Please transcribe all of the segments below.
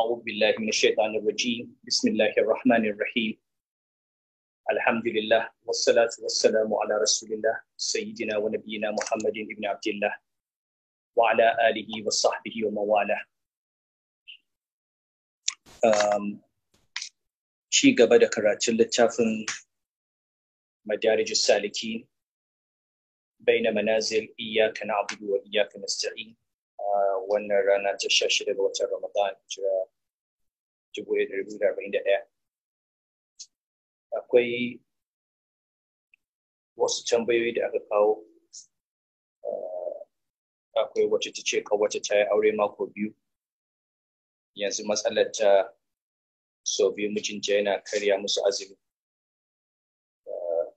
أعوذ بالله من الشيطان الرجيم بسم الله الرحمن الرحيم الحمد لله والصلاة والسلام على رسول الله سيدنا ونبينا محمد بن عبد الله وعلى آله وصحبه ومن والاه ci gaba da karatun littafin madarijus salikin baina manazil iyyaka na'budu wa iyyaka nasta'in wannan rana ta sha shida ga watan Ramadan jira dubu ɗaya da dubu da arba'in da ɗaya. Akwai wasu tambayoyi da aka kawo ah, akwai wacce ta ce wacce ta yi aure mako biyu yanzu matsalar ta sau biyu mijinta yana karya musu azumi ah,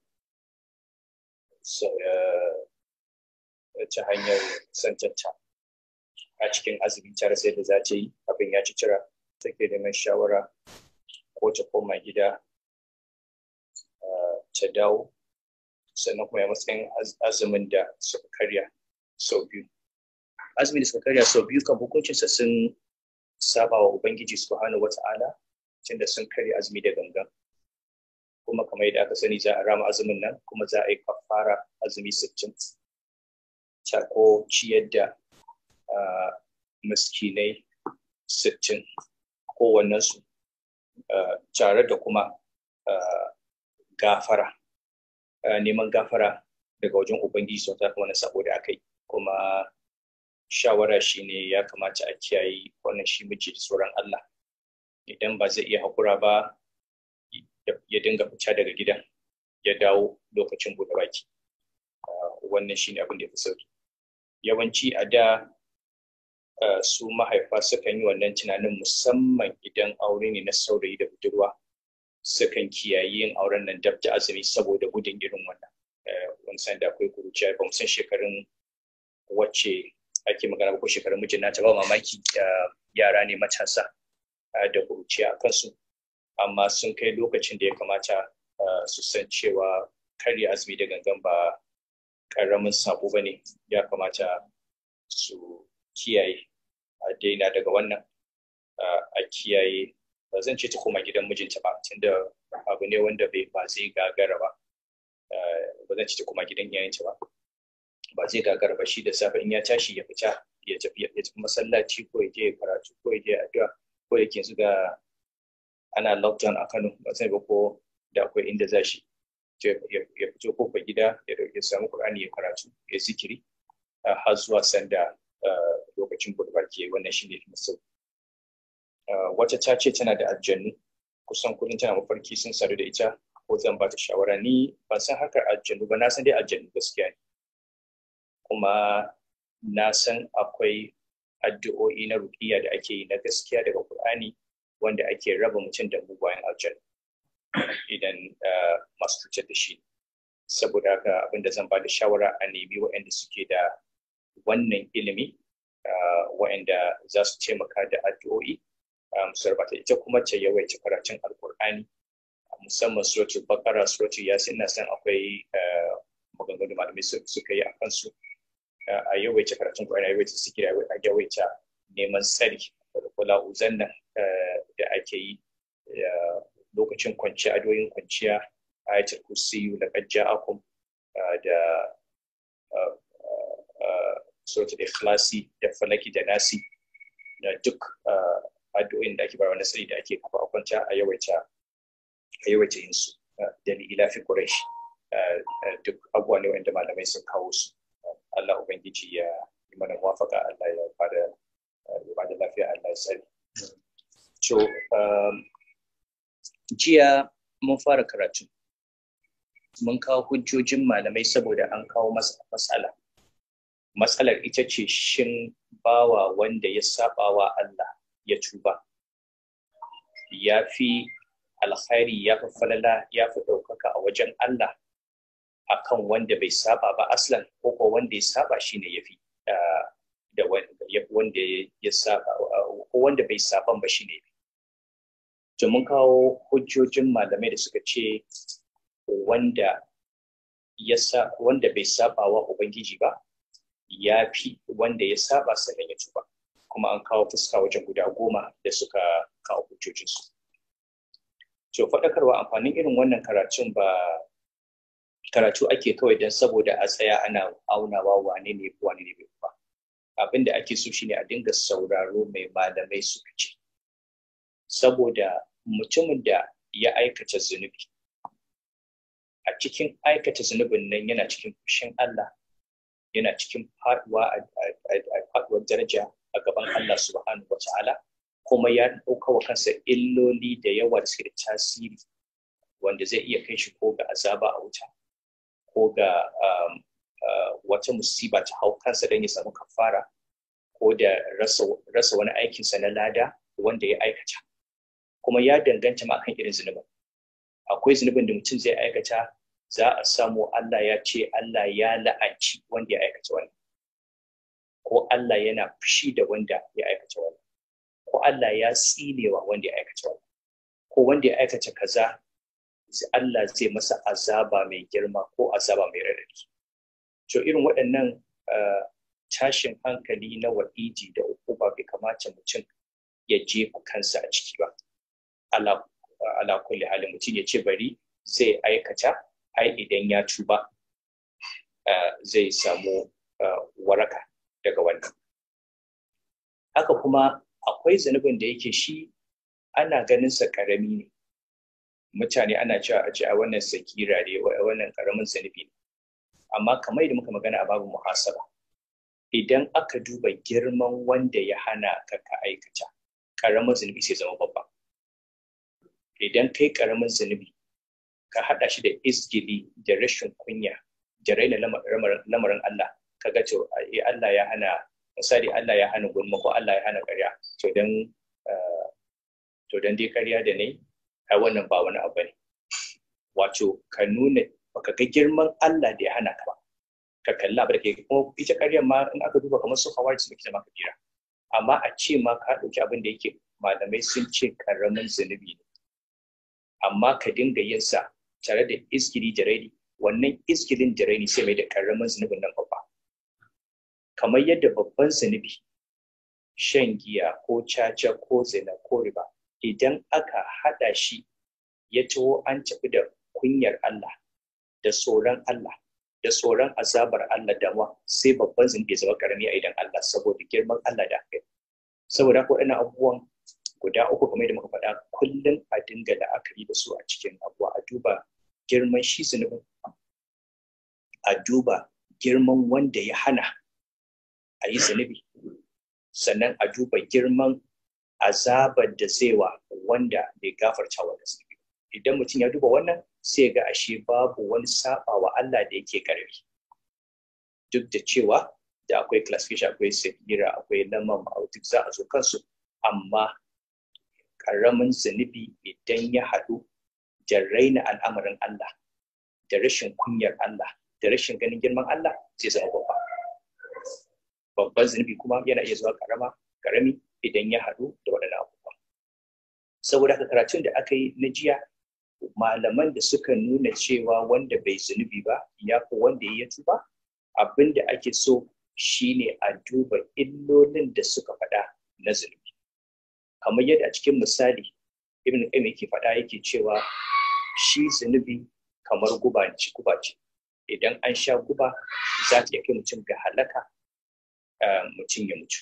ah, ta hanyar santarta a cikin azumi tare sai da za ta yi abin ya ci cira take da mai shawara ko ta koma gida eh, ta dawo sannan kuma ya matsayin azumin da suka karya sau biyu azumin da suka karya sau biyu kan hukuncinsa sun saba wa ubangiji wata wata'ala tunda sun karya azumi da gangan kuma kamar yadda aka sani za a rama azumin nan kuma za a yi kafara azumi sittin ko ciyar da miskinai sittin kowannensu tare da kuma gafara neman gafara daga wajen ubangiji sau ta wani sabo da aka yi kuma shawara shine ya kamata a kiyaye wannan shi miji da tsoron Allah idan ba zai iya haƙura ba ya dinga fita daga gidan ya dawo lokacin buɗe baki wannan shi ne abin da ya fi sauki yawanci a da su mahaifa sukan yi wannan tunanin musamman idan aure ne na saurayi da budurwa sukan kiyaye yin auren nan dab da azumi saboda gudun irin wannan wani eh, san da akwai kuruciya ba san shekarun wacce ake magana ko shekarun mijin nata ba mamaki eh, yara ne matasa eh, da kuruciya a kansu amma sun kai lokacin da ya kamata su san cewa karya azumi da gangan ba karamin sabo ba ne ya kamata su kiyaye a daina daga wannan a kiyaye ba zan ce ta koma gidan mijinta ba tunda abu ne wanda bai ba zai gagara ba ba zan ce ta koma gidan iyayenta ba ba zai gagara ba shi da safe in ya tashi ya fita ya tafi ya tafi masallaci ko ya je karatu ko ya je addu'a ko ya ke su ana lockdown a Kano ba sai ba ko da akwai inda za shi ya fito kofar gida ya samu Qur'ani ya karatu ya zikiri har zuwa sanda lokacin gudbar ke wannan shi ne fi ah, wata ta ce tana da aljannu kusan kudin tana mafarki sun sadu da ita ko zan ba ta shawara ni ban san harkar aljannu ba na san dai aljannu gaskiya ne kuma na san akwai addu'o'i na rukiya da ake yi na gaskiya daga Qur'ani wanda ake raba mutum da mugayen aljannu idan ah, masu cutar da shi saboda haka abinda zan ba da shawara a nemi waɗanda suke da wannan ilimi Wa'inda za su taimaka da addu'o'i su rabata ita kuma ce yawaita karatun alkur'ani musamman suratul bakara suratul yasin na san akwai maganganu malamai suka yi a kansu a yawaita karatun kur'ani a yawaita sikira a yawaita neman tsari da kula uzan nan da ake yi lokacin kwanciya adoyin kwanciya ayatul kursiyu laqad ja'akum da suratul ikhlasi da falaki da nasi da duk ah, addu'o'in da ake bayar wanda sai da ake kafa a kwanta a yawaita a yawaita yin su ah, da ila fi quraish ah, duk abuwa ne wanda malamai sun kawo su Allah ubangiji ya yi mana muwafaka Allah ya bada ya bada lafiya Allah ya sani so um, jiya mun fara karatu mun kawo hujjojin malamai saboda an kawo masa masala matsalar ita ce shin bawa wanda ya saba wa Allah ya tuba ya fi alkhairi ya fi falala ya fi ɗaukaka a wajen Allah akan wanda bai saba ba aslan ko ko wanda ya saba shine ya fi da wanda ya saba ko wanda bai saban ba shine to mun kawo hujjojin malamai da suka ce wanda ya wanda bai saba wa ubangiji ba ya fi wanda ya saba sannan ya tuba kuma an kawo fuska wajen guda goma da suka kawo hujjojinsu to faɗakarwa amfanin irin wannan karatun ba karatu ake kawai don saboda a tsaya ana aunawa wane ne wane ne bai ba abin da ake so shine a dinga sauraro mai malamai suka ce saboda mutumin da ya aikata zunubi a cikin aikata zunubin nan yana cikin fushin Allah yana cikin faduwa a faduwar daraja a gaban Allah subhanahu wa ta'ala kuma ya ɗauka wa kansa illoli da yawa da suke da tasiri wanda zai iya kai shi ko ga azaba a wuta ko ga um, uh, wata musiba ta hau kansa don ya samu kafara ko da rasa wani aikinsa na lada wanda ya aikata kuma ya danganta ma kan irin zunubin akwai zunubin da mutum zai aikata za a samu Allah ya ce Allah ya la'anci wanda ya aikata wannan ko Allah yana fushi da wanda ya aikata wannan ko Allah ya tsinewa wanda ya aikata wannan ko wanda ya aikata kaza Allah zai masa azaba mai girma ko azaba mai rarraki. to irin waɗannan ah, tashin hankali na wa'idi da ukuba bai kamata mutum ya je kansa a ciki ba ala kulli halin mutum ya ce bari zai aikata ai idan ya tuba eh, zai samu eh, waraka daga wannan haka kuma akwai zunubin da yake shi ana ganin sa karami ne mutane ana cewa a ce a wannan sakira ne wannan karamin zanubi ne amma kamar da muka magana a babu muhasaba idan aka duba girman wanda ya hana ka ka aikata karamin zanubi sai zama babba idan kai karamin zanubi. ka haɗa shi da izgili da rashin kunya da raina lamarin Allah ka ga to eh, Allah ya hana misali Allah ya hana gulma ko Allah ya hana ƙarya to dan eh, to dan dai ƙarya da ne ai wannan ba wani abu ne wato ka nuna baka ga girman Allah da ya hana ka ba ka kalla ba da ke kuma ita ƙaryar ma in aka duba kamar su hawarci da kita ma kabira amma a ce ma ka ɗauki abin da yake malamai sun ce ƙaramin zunubi ne amma ka dinga yin sa tare da iskili jarari wannan iskilin jarari sai mai da karamin zunubin nan babba kamar yadda babban zunubi shan giya ko caca ko zina ko riba idan aka haɗa shi ya ciwo an tafi da kunyar Allah da tsoron Allah da tsoron azabar Allah da ma sai babban zunubi zama karami a idan Allah saboda girman Allah da aka saboda waɗannan abubuwan guda uku kamar da muka faɗa kullum a dinga la'akari da su a cikin abuwa a duba girman shi zunubin a duba girman wanda ya hana a yi zunubi sannan a duba girman azabar da zaiwa wanda bai gafarta wa da zunubi idan mutum ya duba wannan sai ga ashe babu wani saba wa Allah da yake karfi duk da cewa da akwai classification akwai sefira akwai lamam duk za a zo kansu amma ƙaramin zunubi idan ya haɗu da raina al'amarin Allah da rashin kunyar Allah da rashin ganin girman Allah zai zama babba babban zunubi kuma yana iya zuwa karama karami idan ya haɗu da waɗannan abubuwa saboda haka karatun da aka yi na jiya malaman da suka nuna cewa wanda bai zunubi ba ya fi wanda ya yi ba abin da ake so shine a duba illolin da suka faɗa na zunubi kamar yadda a cikin misali ibn qayyim yake faɗa yake cewa shi zunubi kamar guba ci guba ce idan an sha guba za ta kai mutum ga halaka eh, mutum ya mutu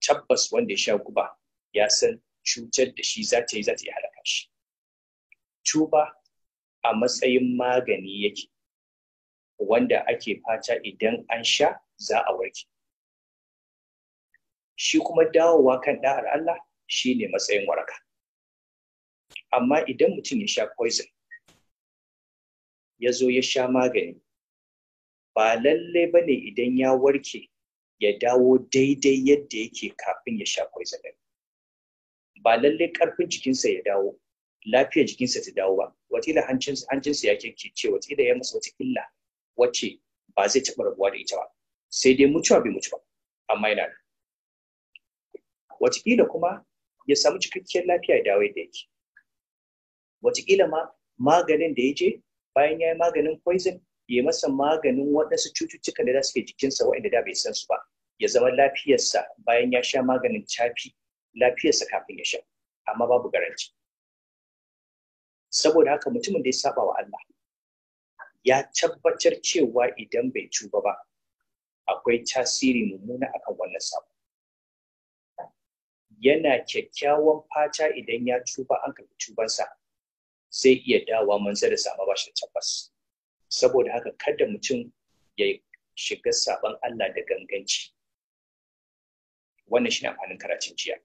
tabbas wanda ya sha guba ya san cutar da shi za ta yi za ta yi halaka shi tuba a matsayin magani yake wanda ake fata idan an sha za a warke shi kuma dawowa kan da'ar Allah Shine matsayin waraka amma idan mutum ya sha poison ya zo ya sha magani ba lalle ba ne idan ya warke ya dawo daidai yadda yake kafin ya sha poison din ba lalle karfin jikinsa ya dawo lafiyar jikinsa ta dawo ba watila hancinsa ya ce watila ya masa wata illa wacce ba zai taɓa rabuwa da ita ba sai dai mutuwa bai mutu ba amma yana da watakila kuma ya samu cikakkiyar lafiya da wai da yake wataƙila ma maganin da ya je bayan ya yi maganin poison ya masa maganin waɗansu cututtuka da za su ke jikinsa waɗanda da bai san su ba ya zama lafiyarsa bayan ya sha maganin cafi lafiyarsa kafin ya sha amma babu garanti saboda haka mutumin da ya saba wa Allah ya tabbatar cewa idan bai tuba ba akwai tasiri mummuna akan wannan sabo yana kyakkyawan fata idan ya tuba an karɓi tubansa sai iya dawa manzar da sama bashi tabbas saboda haka kada mutum ya shiga saban Allah da ganganci wannan shi amfanin karatun jiya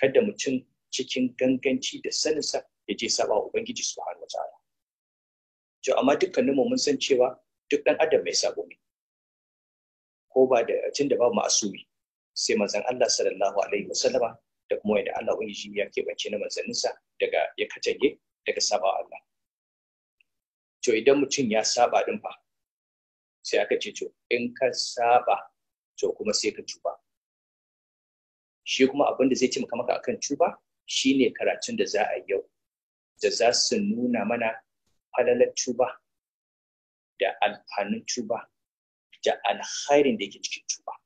kada mutum cikin ganganci da saninsa ya je saba wa ubangiji subhanahu wataala to amma dukkanin mu mun san cewa duk dan adam mai sabo ne ko ba da tunda babu asumi? sai manzon Allah sallallahu alaihi wasallama da kuma yadda Allah shi ya keɓance na manzanninsa daga ya katange daga sabawa Allah to idan mutum ya saba din fa sai aka ce to in ka saba to kuma sai ka tuba shi kuma abin da zai ce maka maka akan tuba shine karatun da za a yi yau da za su nuna mana falalar tuba da alfanun tuba da alkhairin da yake cikin tuba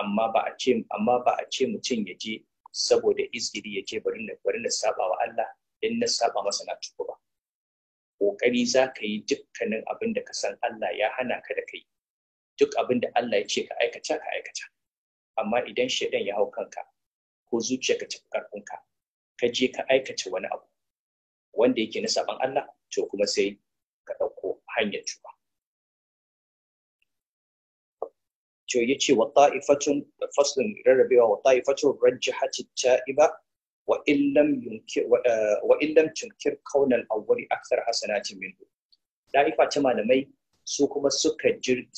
amma ba a ce amma ba a ce mutum ya je saboda izgiri ya je bari na bari na saba wa Allah in na saba masa na ba kokari za ka yi dukkanin abin da ka san Allah ya hana ka da kai duk abin da Allah ya ce ka aikata ka aikata amma idan shaidan ya hau kanka ko zuciya ka tafi karfin ka ka je ka aikata wani abu wanda yake na saban Allah to kuma sai ka ɗauko hanyar tuba to yace wa ta'ifatun faslun rarrabewa wa ta'ifatun rajjahati ta'iba wa illam yunkir eh, tunkir kaunal awwali akthar hasanatin minhu ta'ifa ta malamai su kuma suka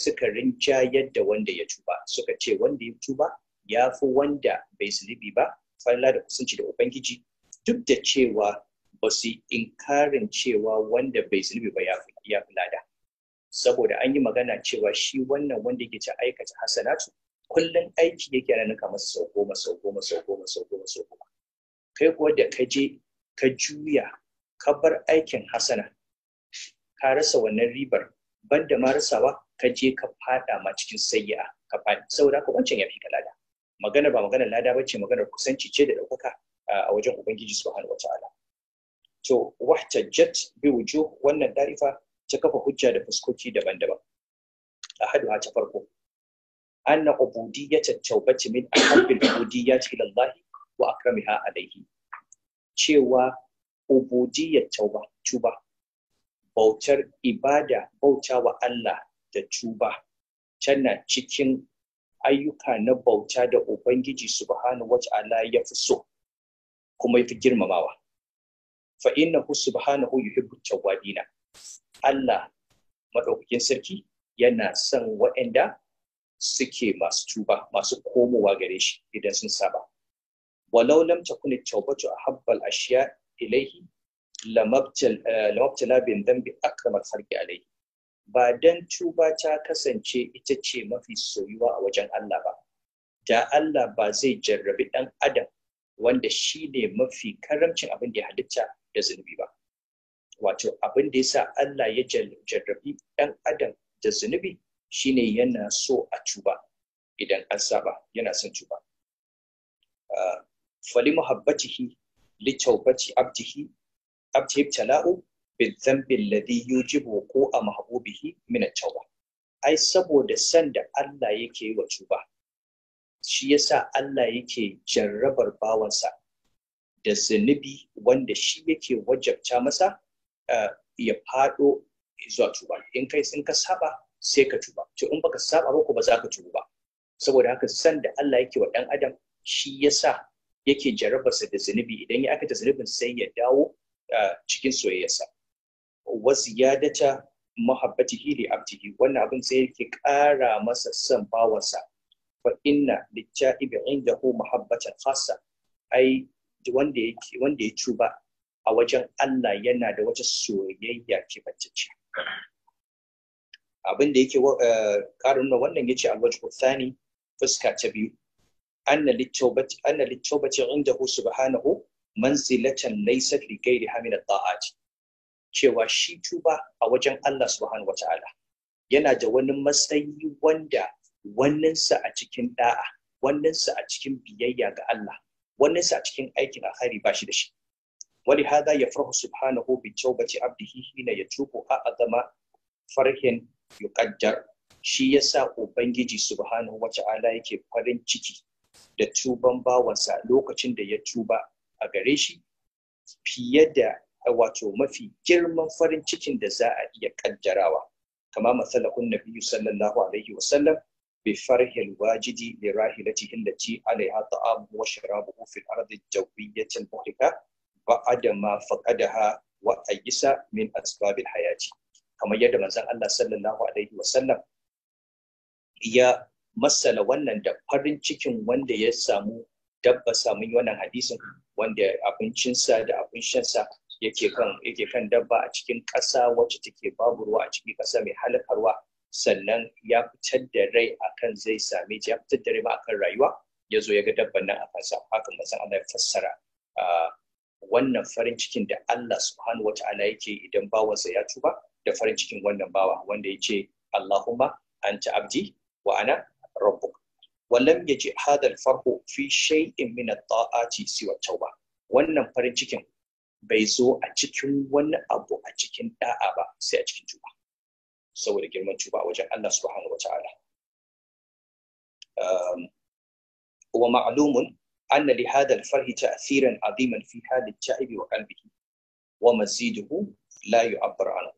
suka rinjayar da wanda ya tuba suka ce wanda ya tuba ya fi wanda bai zunubi ba falla da kusanci da ubangiji duk da cewa ba su inkarin cewa wanda bai zunubi ba ya fi lada saboda an yi magana cewa shi wannan wanda yake ta aikata hasanatu kullum aiki yake na nuka masa sau goma sau goma sau goma sau goma sau goma kai kuwa da ka je ka juya ka bar aikin hasana ka rasa wannan ribar banda ma rasawa ka je ka fada ma cikin sayya ka fadi saboda ka wancan ya fi ka lada magana ba magana lada bace magana kusanci ce da ɗaukaka a wajen ubangiji subhanahu wataala to wahtajjat bi wujuh wannan da'ifa ta kafa hujja da fuskoki daban-daban ha ta farko anna ubudiyyat at-taubati min ahabbil ubudiyyat ila Allah wa akramiha alayhi cewa ya tauba tuba bautar ibada bauta wa Allah da tuba tana cikin ayyuka na bauta da Ubangiji subhanahu wata'ala ya fi so kuma ya fi girmamawa. Fa innahu subhanahu yuhibbu tawwabina Allah maɗaukakin sarki yana son waɗanda suke masu tuba masu komowa gare shi idan sun saba walau lam takun tawbatu ahabbal ashiya ilaihi eh, lamabtala bin dambi akramat sarki alaihi ba dan tuba ta kasance ita ce mafi soyuwa a wajen Allah ba da Allah ba zai jarrabi ɗan adam wanda shi ne mafi karamcin abin da ya halitta da zunubi ba wato abin da yasa Allah ya jarrabi ɗan adam da zunubi shine yana so a cuba idan an saba yana son tuba ah, fali muhabbatihi li tawbati abdihi abdihi tala'u bil dhanbi alladhi yujibu a mahbubihi min at-tawba ai saboda san da Allah yake yi wa cuba shi yasa Allah yake jarrabar bawansa da zunubi wanda shi yake wajabta masa ya faɗo zuwa tuba in kai sun ka saba sai ka tuba to in baka saba ba ko ba za ka tuba ba saboda haka san da Allah yake wa ɗan adam shi yasa yake jarabarsa da zunubi idan ya aikata zunubin sai ya dawo cikin soyayyarsa wa ziyadata mahabbatihi li abdihi wannan abin sai yake ƙara masa san bawansa fa inna litta'ibi indahu mahabbatan khassa ai wanda yake wanda ya tuba a wajen Allah yana da wata soyayya kibantacce abin da yake karin eh, wannan yace alwajhu thani fuska ta biyu anna littawbati anna littawbati indahu subhanahu manzilatan laysat li ghayriha min at-ta'at cewa shi tuba a wajen Allah subhanahu wata'ala yana da wani matsayi wanda sa a cikin da'a sa a cikin biyayya ga Allah sa a cikin aikin alkhairi ba shi da shi ya ولهذا يفرح سبحانه بتوبة عبده حين يتوب أعظم فرح يقدر shi yasa ubangiji subhanahu ala yake farin ciki da tuban bawansa lokacin da ya tuba a gare shi fiye da wato mafi girman farin cikin da za a iya kaddarawa kama masalahun nabiyyu sallallahu alaihi wa sallam bi farhil wajidi li rahilatihi allati alaiha ta'amu wa fi al ardi jawiyatil muhlika ba'ada ma faqadaha wa ayyisa min asbabil hayati kamar yadda manzon Allah sallallahu alaihi ya masala wannan da farin cikin wanda ya samu dabba samun wannan hadisin wanda abincinsa da abin shansa yake kan yake kan dabba a cikin ƙasa wacce take babu ruwa a cikin ƙasa mai halakarwa sannan ya fitar da rai akan zai same ta ya fitar da rai akan rayuwa ya zo ya ga dabban nan a kasa haka manzon Allah ya fassara ah, wannan farin cikin da Allah subhanahu wa ta'ala yake idan bawansa ya tuba da farin cikin wannan bawa wanda yace Allahumma anta abdi wa ana rabbuk wallam yaji hadal farhu fi shay'in min at-ta'ati siwa tauba wannan farin cikin bai zo a cikin wani abu a cikin da'a ba sai a cikin tuba saboda girman tuba wajen Allah subhanahu wa ta'ala wa ma'lumun أن لهذا الفرح تأثيرا عظيما في حال الشعب وقلبه ومزيده لا يعبر عنه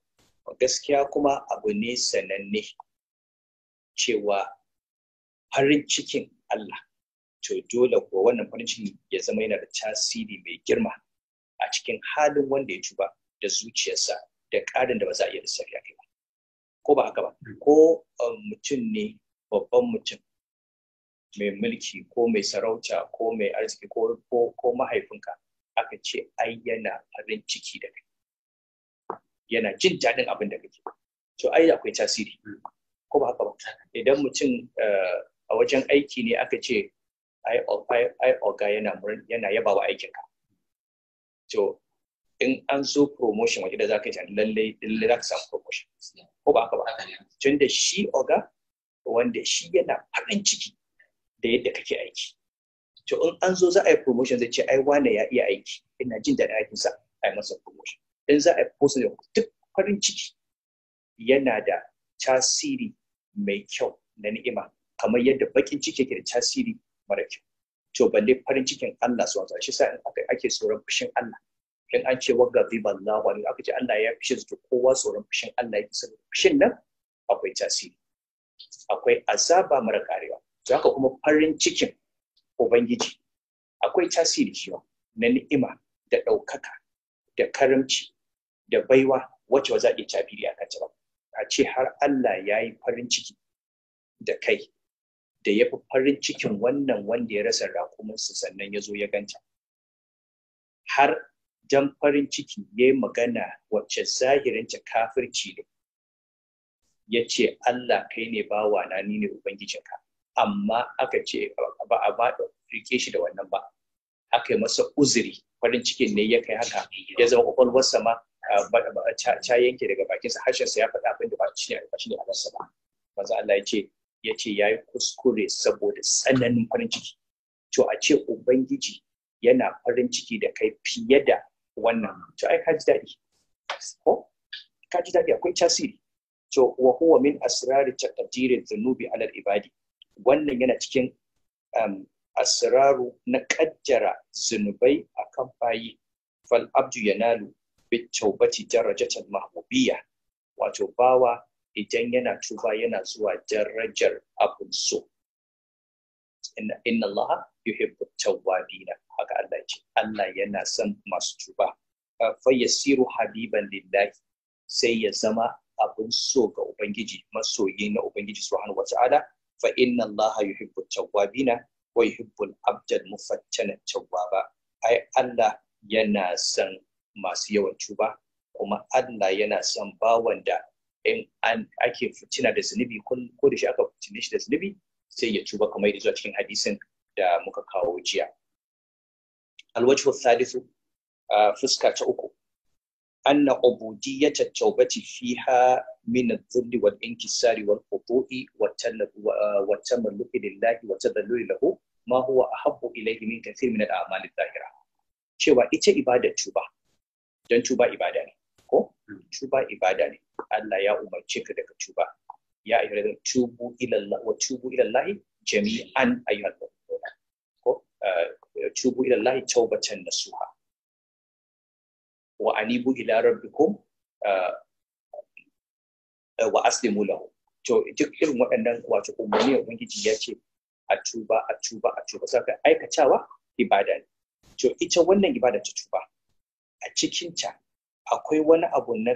gaskiya kuma abu ne sananne cewa farin cikin Allah to dole ko wannan farin cikin ya zama yana da tasiri mai girma a cikin halin wanda ya tuba da zuciyarsa da ƙarin da ba za a iya lissafi a kai ba ko ba haka ba ko mutum ne babban mutum mai mulki ko mai sarauta ko mai arziki ko ko mahaifinka aka ce ai yana farin ciki da kai yana jin daɗin abin da kake to ai akwai tasiri ko ba haka ba idan mutum eh, a wajen aiki ne aka ce ai oga yana yana yaba wa aikinka to in an zo promotion wajen da za ka yi lalle lallai za ka samu promotion ko ba haka ba tun da shi oga wanda shi yana farin ciki da yadda kake aiki to in an zo za a yi promotion zai ce ai wane ya iya aiki ina jin daɗin aikin sa a yi masa promotion in za a yi post duk farin ciki yana da tasiri mai kyau na ni'ima kamar yadda bakin ciki yake da tasiri mara kyau to balle farin cikin Allah su wata shi sa in ake tsoron fushin Allah in an ce wagga ziba Allah wani aka ce Allah ya fushe su kowa tsoron fushin Allah yake saboda fushin nan akwai tasiri akwai azaba mara karewa to haka kuma farin cikin ubangiji akwai tasiri shi na ni'ima da ɗaukaka da karamci da baiwa wacce za a iya a kanta ba a ce har Allah ya yi farin ciki da kai da ya fi farin cikin wannan wanda ya rasa rakuminsa sannan ya zo ya ganta har jan farin ciki ya yi magana wacce zahirinta kafirci ne ya ce Allah kai ne bawa na ni ne ubangijinka amma aka ce ba a ba rike shi da wannan ba aka yi masa uzuri farin cikin ne ya kai haka ya zama kwakwalwarsa ma Ca yanke daga bakinsa harshensa ya faɗa abin da ba shi ne shi ne ba maza Allah ya ce ya ce ya yi kuskure saboda tsananin farin ciki to a ce ubangiji yana farin ciki da kai fiye da wannan to ai ka ji daɗi ko ka ji daɗi akwai tasiri to wa huwa min asrari taqdiri dhunubi ala ibadi wannan yana cikin um, asraru na kajjara zunubai akan bayi fal abdu yanalu bati darajatal mahbubiyya wato bawa idan yana tuba yana zuwa darajar abun so inna allaha yuhibbu tawwabina haka Allah yake Allah yana son masu tuba fa yasiru habiban lillahi sai ya zama abun so ga ubangiji masoyi na ubangiji subhanahu wata'ala fa inna Allah yuhibbu tawwabina wa yuhibbu al-abdal mufattana cawaba ai Allah yana son masu yawan tuba kuma Allah yana son bawan da in ake fitina da zunubi ko da shi aka fitine shi da zunubi sai ya tuba kamar yadda zuwa cikin hadisin da muka kawo jiya alwajhu thalithu ah, fuska ta uku anna ubudiyyat tawbati fiha min al-dhulli wal inkisari wal qutu'i wa uh, tamalluki lillahi wa tadalluli lahu ma huwa ahabbu ilayhi min kathir min al-a'mal adh cewa ita ibadar tuba don tuba ibada ne ko hmm. tuba ibada ne Allah ya da ka daga tuba ya ayyuhal tubu ila Allah tubu ila Allah jami'an ayyuhal mu'minuna ko uh, tubu ila Allah tawbatan nasuha wa anibu ila wa aslimu lahu to duk irin waɗannan wato umarni ubangiji ya ce a tuba a tuba a tuba saka aikatawa ibada ne to ita wannan ibada ta tuba a cikinta akwai wani abu na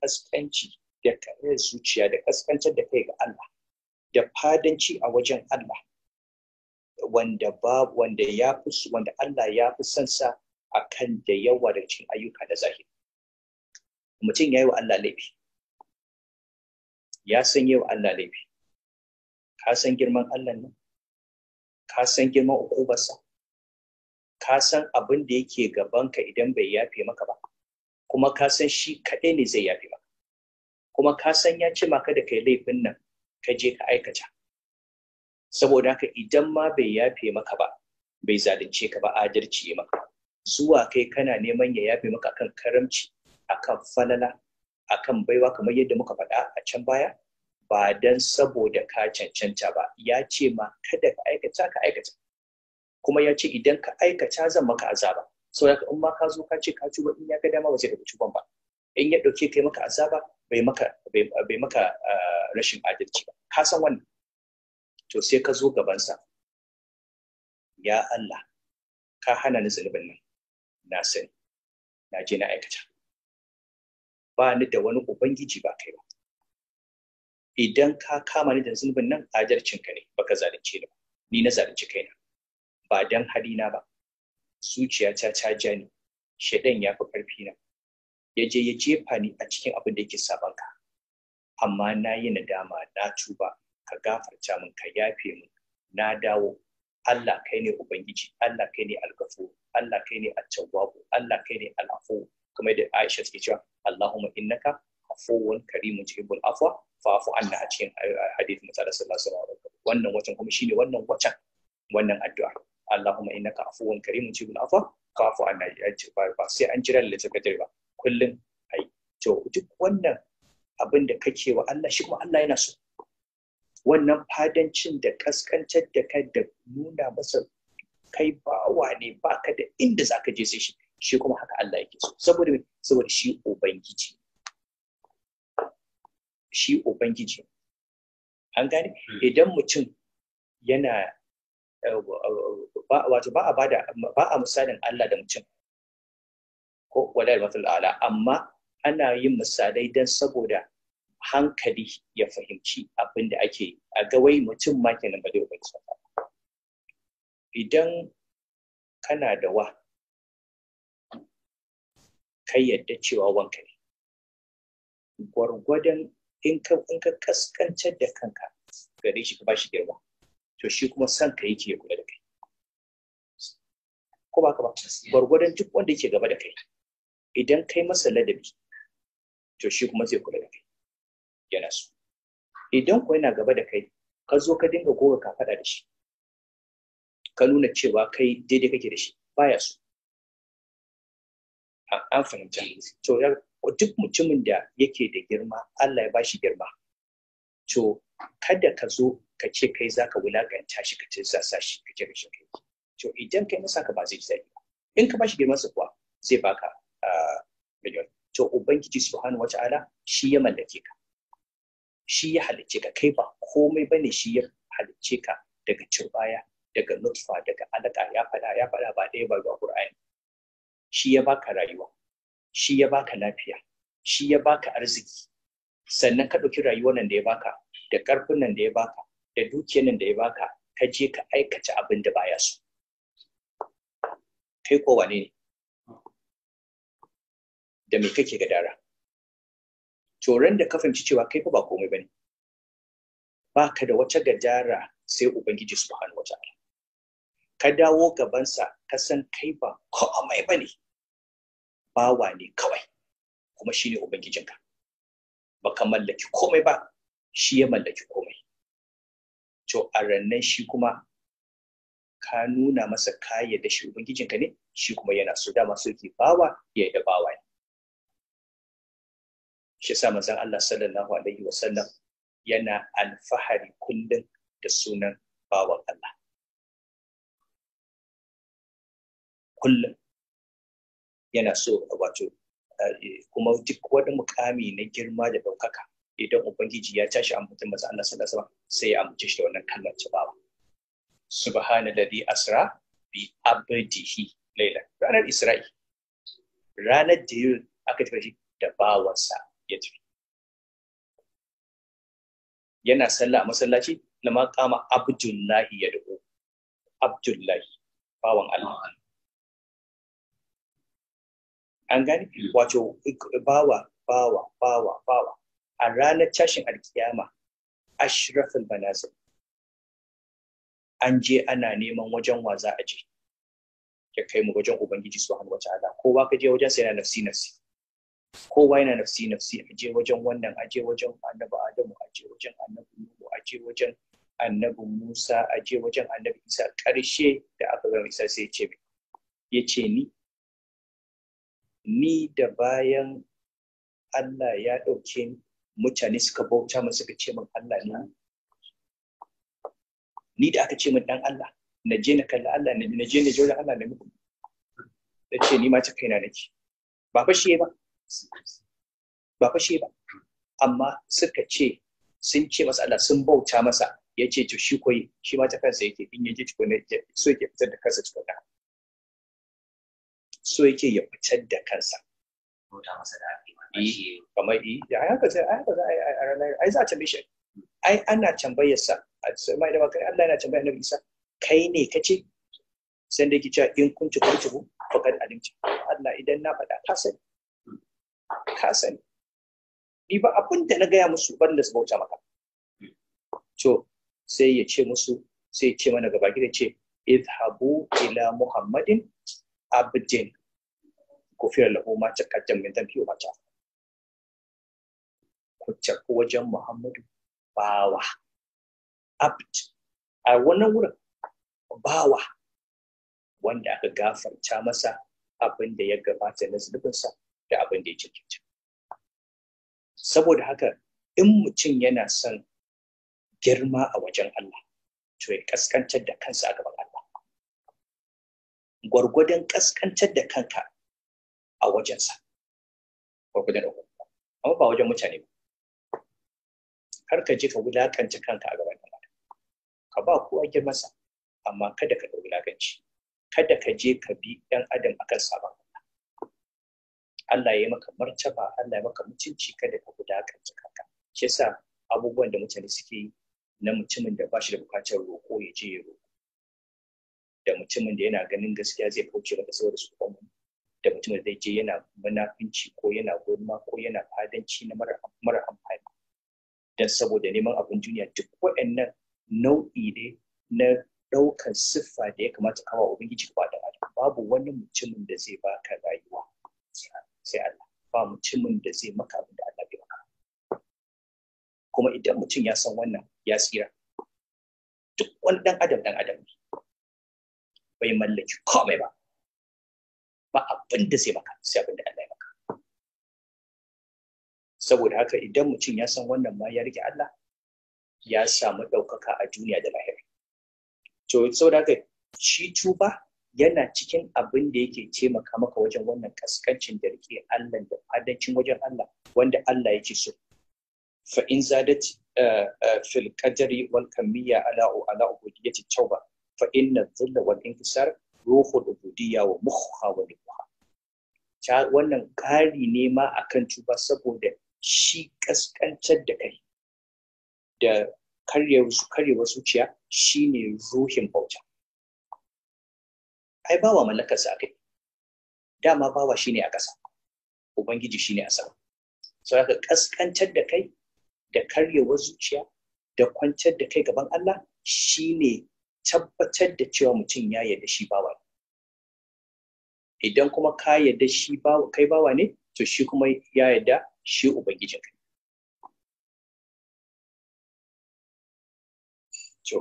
kaskanci da kare zuciya da kaskantar da kai ga Allah da fadanci a wajen Allah wanda ba wanda ya fi wanda Allah ya fi son sa akan da yawa da cikin ayyuka da zahiri mutum ya yi wa Allah laifi ya san yau Allah laifi ka san girman Allah nan ka san girman ukubarsa ka san abin da yake ka idan bai yafe maka ba kuma ka san shi kaɗai ne zai yafe maka kuma ka san ya ce maka da kai laifin nan ka je ka aikata saboda haka idan ma bai yafe maka ba bai zalunce ka ba adalci ya maka zuwa kai kana neman ya yafe maka kan karamci akan falala akan baiwa kamar yadda muka faɗa a can baya ba dan saboda ka cancanta ba ya ce ma kada ka aikata ka aikata kuma ya ce idan ka aikata zan maka azaba so ya in ma ka zo ka ce ka tuba in ya ga dama ba zai ka tuban ba in ya dauke kai maka azaba bai maka bai maka ah, rashin adalci ba ka san wannan to sai ka zo gabansa ya Allah ka hana ni zunubin nan na sani na je na aikata ba ni da wani ubangiji ba kai ba idan ka kama ni da zunubin nan ka ne baka zalunce ni ni na zalunci kaina ba dan na ba Zuciya ta ja ni shedan ya fi ƙarfi na ya je ya jefa ni a cikin abin da yake saban ka amma na yi nadama na tuba ka gafarta min ka yafe min na dawo Allah kai ne ubangiji Allah kai ne alghafur Allah kai ne attawwabu Allah kai ne al'afu kamar da Aisha take cewa Allahumma innaka afuwun karimun tuhibbul afwa fa'fu anna a cikin hadithin Musa sallallahu alaihi wasallam wannan wacan kuma shine wannan wacan wannan addu'a Allahumma innaka afuwun karimun tuhibbul afwa fa'fu anna ba sai an jira littafin ba kullum ai to duk wannan abin da kake wa Allah shi kuma Allah yana so wannan fadancin da kaskantar da kai da nuna masa kai bawa ne baka da inda zaka je sai shi shi kuma haka Allah yake so saboda saboda shi ubangiji shi ubangiji an gane hmm. idan mutum yana wato ba a bada ba a misalin Allah da mutum ko wadal matul ala amma ana yin misalai dan saboda hankali ya fahimci abin da ake a gawai mutum ma kenan ba zai ubangiji idan kana da wa kai yadda cewa wanka ne gwargwadon in ka in ka kaskancar da kanka gare shi ka ba shi girma to shi kuma san ka yake ya kula da kai ko ba ka ba gwargwadon duk wanda yake gaba da kai idan kai masa ladabi to shi kuma zai kula da kai yana so idan ko yana gaba da kai ka zo ka dinga goga ka fada da shi ka nuna cewa kai daidai kake da shi baya so an fahimci. to duk mutumin da yake da girma Allah ya bashi girma to kada ka zo ka ce kai zaka wulaganta shi ka sa shi ka kira shi to idan kai masa ka ba zai ji daɗi in ka bashi girman sa kuwa zai baka miliyon to ubangiji subhanahu wata'ala shi ya mallake ka shi ya halicce ka kai ba komai bane shi ya halicce ka daga cirbaya daga nutfa daga alaka ya faɗa ya faɗa ba ɗaya ba ga qur'ani shi ya baka rayuwa shi ya baka lafiya shi ya baka arziki sannan ka ɗauki rayuwar nan da ya baka da ƙarfin nan da ya baka da dukiyar nan da ya baka ka je ka aikata abin da baya so kai ko wane ne da me kake gadara Coron da ka fahimci cewa kai fa ba komai bane ba da wata gadara sai ubangiji subhanahu wataala ka dawo gabansa ka san kai ba komai bane bawa ne kawai kuma shi ne ubangijinka baka mallaki komai ba shi ya mallaki komai to a rannan shi kuma ka nuna masa kaya da shi ubangijinka ne shi kuma yana so dama so ke bawa ya da bawa ne shi sa manzon Allah sallallahu alaihi wa yana alfahari kullum da sunan bawan Allah kullum yana so wato eh, kuma duk wani mukami na girma da ɗaukaka idan ubangiji ya tashi a mutum masu Allah sallallahu alaihi sai ya amince shi da wannan kalmar tabawa subhanalladhi asra bi abdihi laila ranar isra'i ranar da yau aka tafi shi da bawansa ya tafi yana sallah a masallaci lama kama abdullahi ya dubo abdullahi bawan Allah an gani mm. wato bawa bawa bawa bawa a ranar tashin alkiyama ashrafin banazir an je ana neman wajen wa za a je ya kai mu wajen ubangiji su hannu wata ala kowa ka je wajen sai yana nafsi nafsi kowa yana nafsi nafsi a je wajen wannan a je wajen annabi adamu a je wajen annabi nuhu a je wajen annabi musa a je wajen annabi isa ƙarshe da aka ga isa sai ya ce ya ce ni ni da bayan Allah ya ɗauke mutane suka bauta mu suka ce min Allah na ni da aka ce min dan Allah na je na kalli Allah na je na jira Allah na muku da ce ni ma ta kaina nake ba shi ba ba fashe ba amma suka ce sun ce masa Allah sun bauta masa ya ce to shi koyi shi ma ta kansa yake in ya je cikin so yake fitar da kansa cikin da so yake ya fitar da kansa eh. kamar i da haka sai haka za a ranar ai za a tambaye shi ai ana tambayar sa mai da kai Allah yana tambayar Annabi Isa kai ne ka ce? sai da yake cewa in kuntu kuntu faqad alimci. Allah idan na faɗa ka sani ka sani ni ba abin da na gaya musu ban da su bauta maka to sai ya ce musu sai ya ce mana gaba gida ce idhabu ila muhammadin abdin gufiyar lahu ma cikakken min dambi ba ta ku tafi wajen muhammadu bawa abd a wannan wurin bawa wanda aka gafarta masa abin da ya gabata na zunubinsa da abin da ya cikinta saboda haka in mutum yana son girma a wajen Allah to ya kaskantar da kansa a gaban Allah gwargwadon kaskantar da kanka a wajensa da hukunta amma ba wajen mutane ba kar ka je ka wulakanta kanka a gaban ɗan ka ba kowa girmansa amma kada ka ɗau wulakanci kada ka je ka bi ɗan adam akan sabon Allah Allah ya yi maka martaba Allah ya maka mutunci kada ka wulakanta kanka shi yasa abubuwan da mutane suke yi na mutumin da ba shi da bukatar roƙo ya je ya roƙo da mutumin da yana ganin gaskiya zai kauce mata saboda su kuma da mutum zai je yana munafinci ko yana gulma ko yana fadanci na mara amfani don saboda neman abin duniya duk waɗannan nau'i ne na ɗaukar siffa da ya kamata kawo ubangiji ba da adam babu wani mutumin da zai baka rayuwa sai Allah ba mutumin da zai maka abin da Allah bai maka kuma idan mutum ya san wannan ya tsira duk wani ɗan adam ɗan adam bai mallaki komai ba ba abin da zai maka sai abin da Allah ya maka saboda haka idan mutum ya san wannan ma ya rike Allah ya samu ɗaukaka a duniya da lahira to saboda haka shi tuba yana cikin abin da yake taimaka maka wajen wannan kaskancin da rike Allah da fadancin wajen Allah wanda Allah ya ce so fa in zadat eh, eh, fil qadri wal kamiyya ala ala ubudiyyati tauba fa inna dhulla wal inkisar ruhu ubudiyya wa mukha wa wannan ƙari ne ma akan tuba saboda shi ƙasƙancar da kai da karyewa zuciya shi ne ruhin bauta ai bawa mallakarsa a kai dama bawa shi ne a ƙasa ubangiji shi ne a sama sau haka ƙasƙantar da kai da karyewa zuciya da kwantar da kai gaban Allah shi ne tabbatar da cewa mutum ya yarda shi bawa idan kuma ka yarda shi bawa kai bawa ne to shi kuma ya yarda shi ubangijin kai to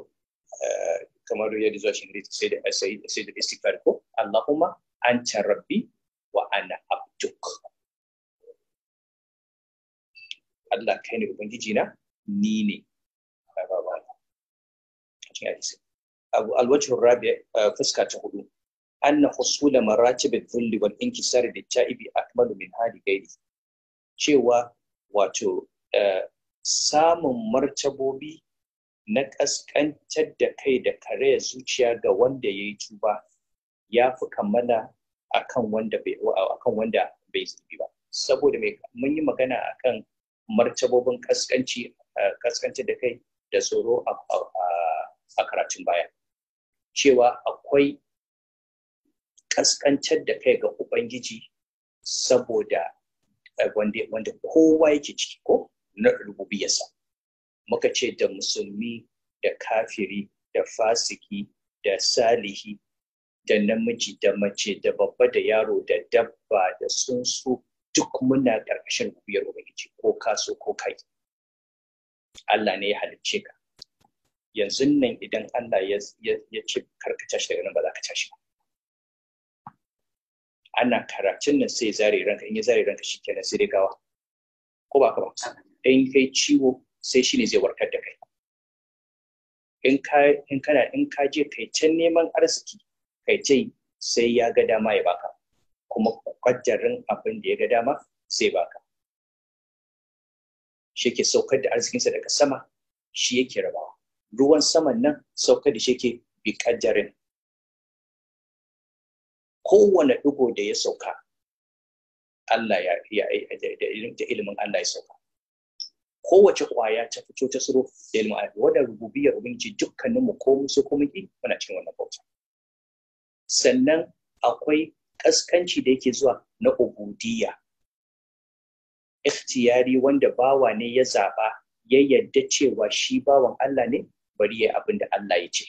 eh, kamar yadda zuwa shi sai da sai da istighfar ko Allahumma anta rabbi wa ana abduk Allah kai ne ubangiji na ni ne ba ba ba alwajhur rabi eh, fuska ta hudu anna husula maratib al-dhulli wal inkisari da ta'ibi akmalu min hali gairi cewa wato eh, samun martabobi na kaskantar da kai da kare zuciya ga wanda ya yi tuba ya fi kammala akan wanda bai akan wanda ba saboda mai mun yi magana akan martabobin kaskanci kaskantar eh, da kai da tsoro a karatun baya cewa akwai kaskancar da kai ga ubangiji saboda eh, wanda kowa yake ciki ko na rububiyarsa muka ce da musulmi da kafiri da fasiki da salihi da namiji da mace da babba da yaro da dabba da tsuntsu duk muna ƙarƙashin rubiyar ubangiji ko kaso ko kai Allah ne ya halicce ka yanzu nan idan Allah ya ce karka tashi daga nan ba za ka tashi ba ana karatun nan sai zare ranka in ya zare ranka shikenan sai dai gawa ko ba ka ba in kai ciwo sai shine zai warkar da kai in ka in kana in ka je kai can neman arziki kai ce sai ya ga dama ya baka kuma kwajjarin abin da ya ga dama sai baka shi ke saukar da arzikinsa daga sama shi yake rabawa ruwan saman nan saukar da shi ke bi kajjarin kowane ɗigo da ya sauka Allah ya da ilimin Allah ya sauka kowace kwaya ta fito ta tsiro da ilimin Allah wanda rububiyar ubangiji dukkanin mu ko mu so ko mu muna cikin wannan bauta sannan akwai kaskanci da yake zuwa na ubudiyya ikhtiyari wanda bawa ne ya zaba ya yadda cewa shi bawan Allah ne bari ya abin da Allah ya ce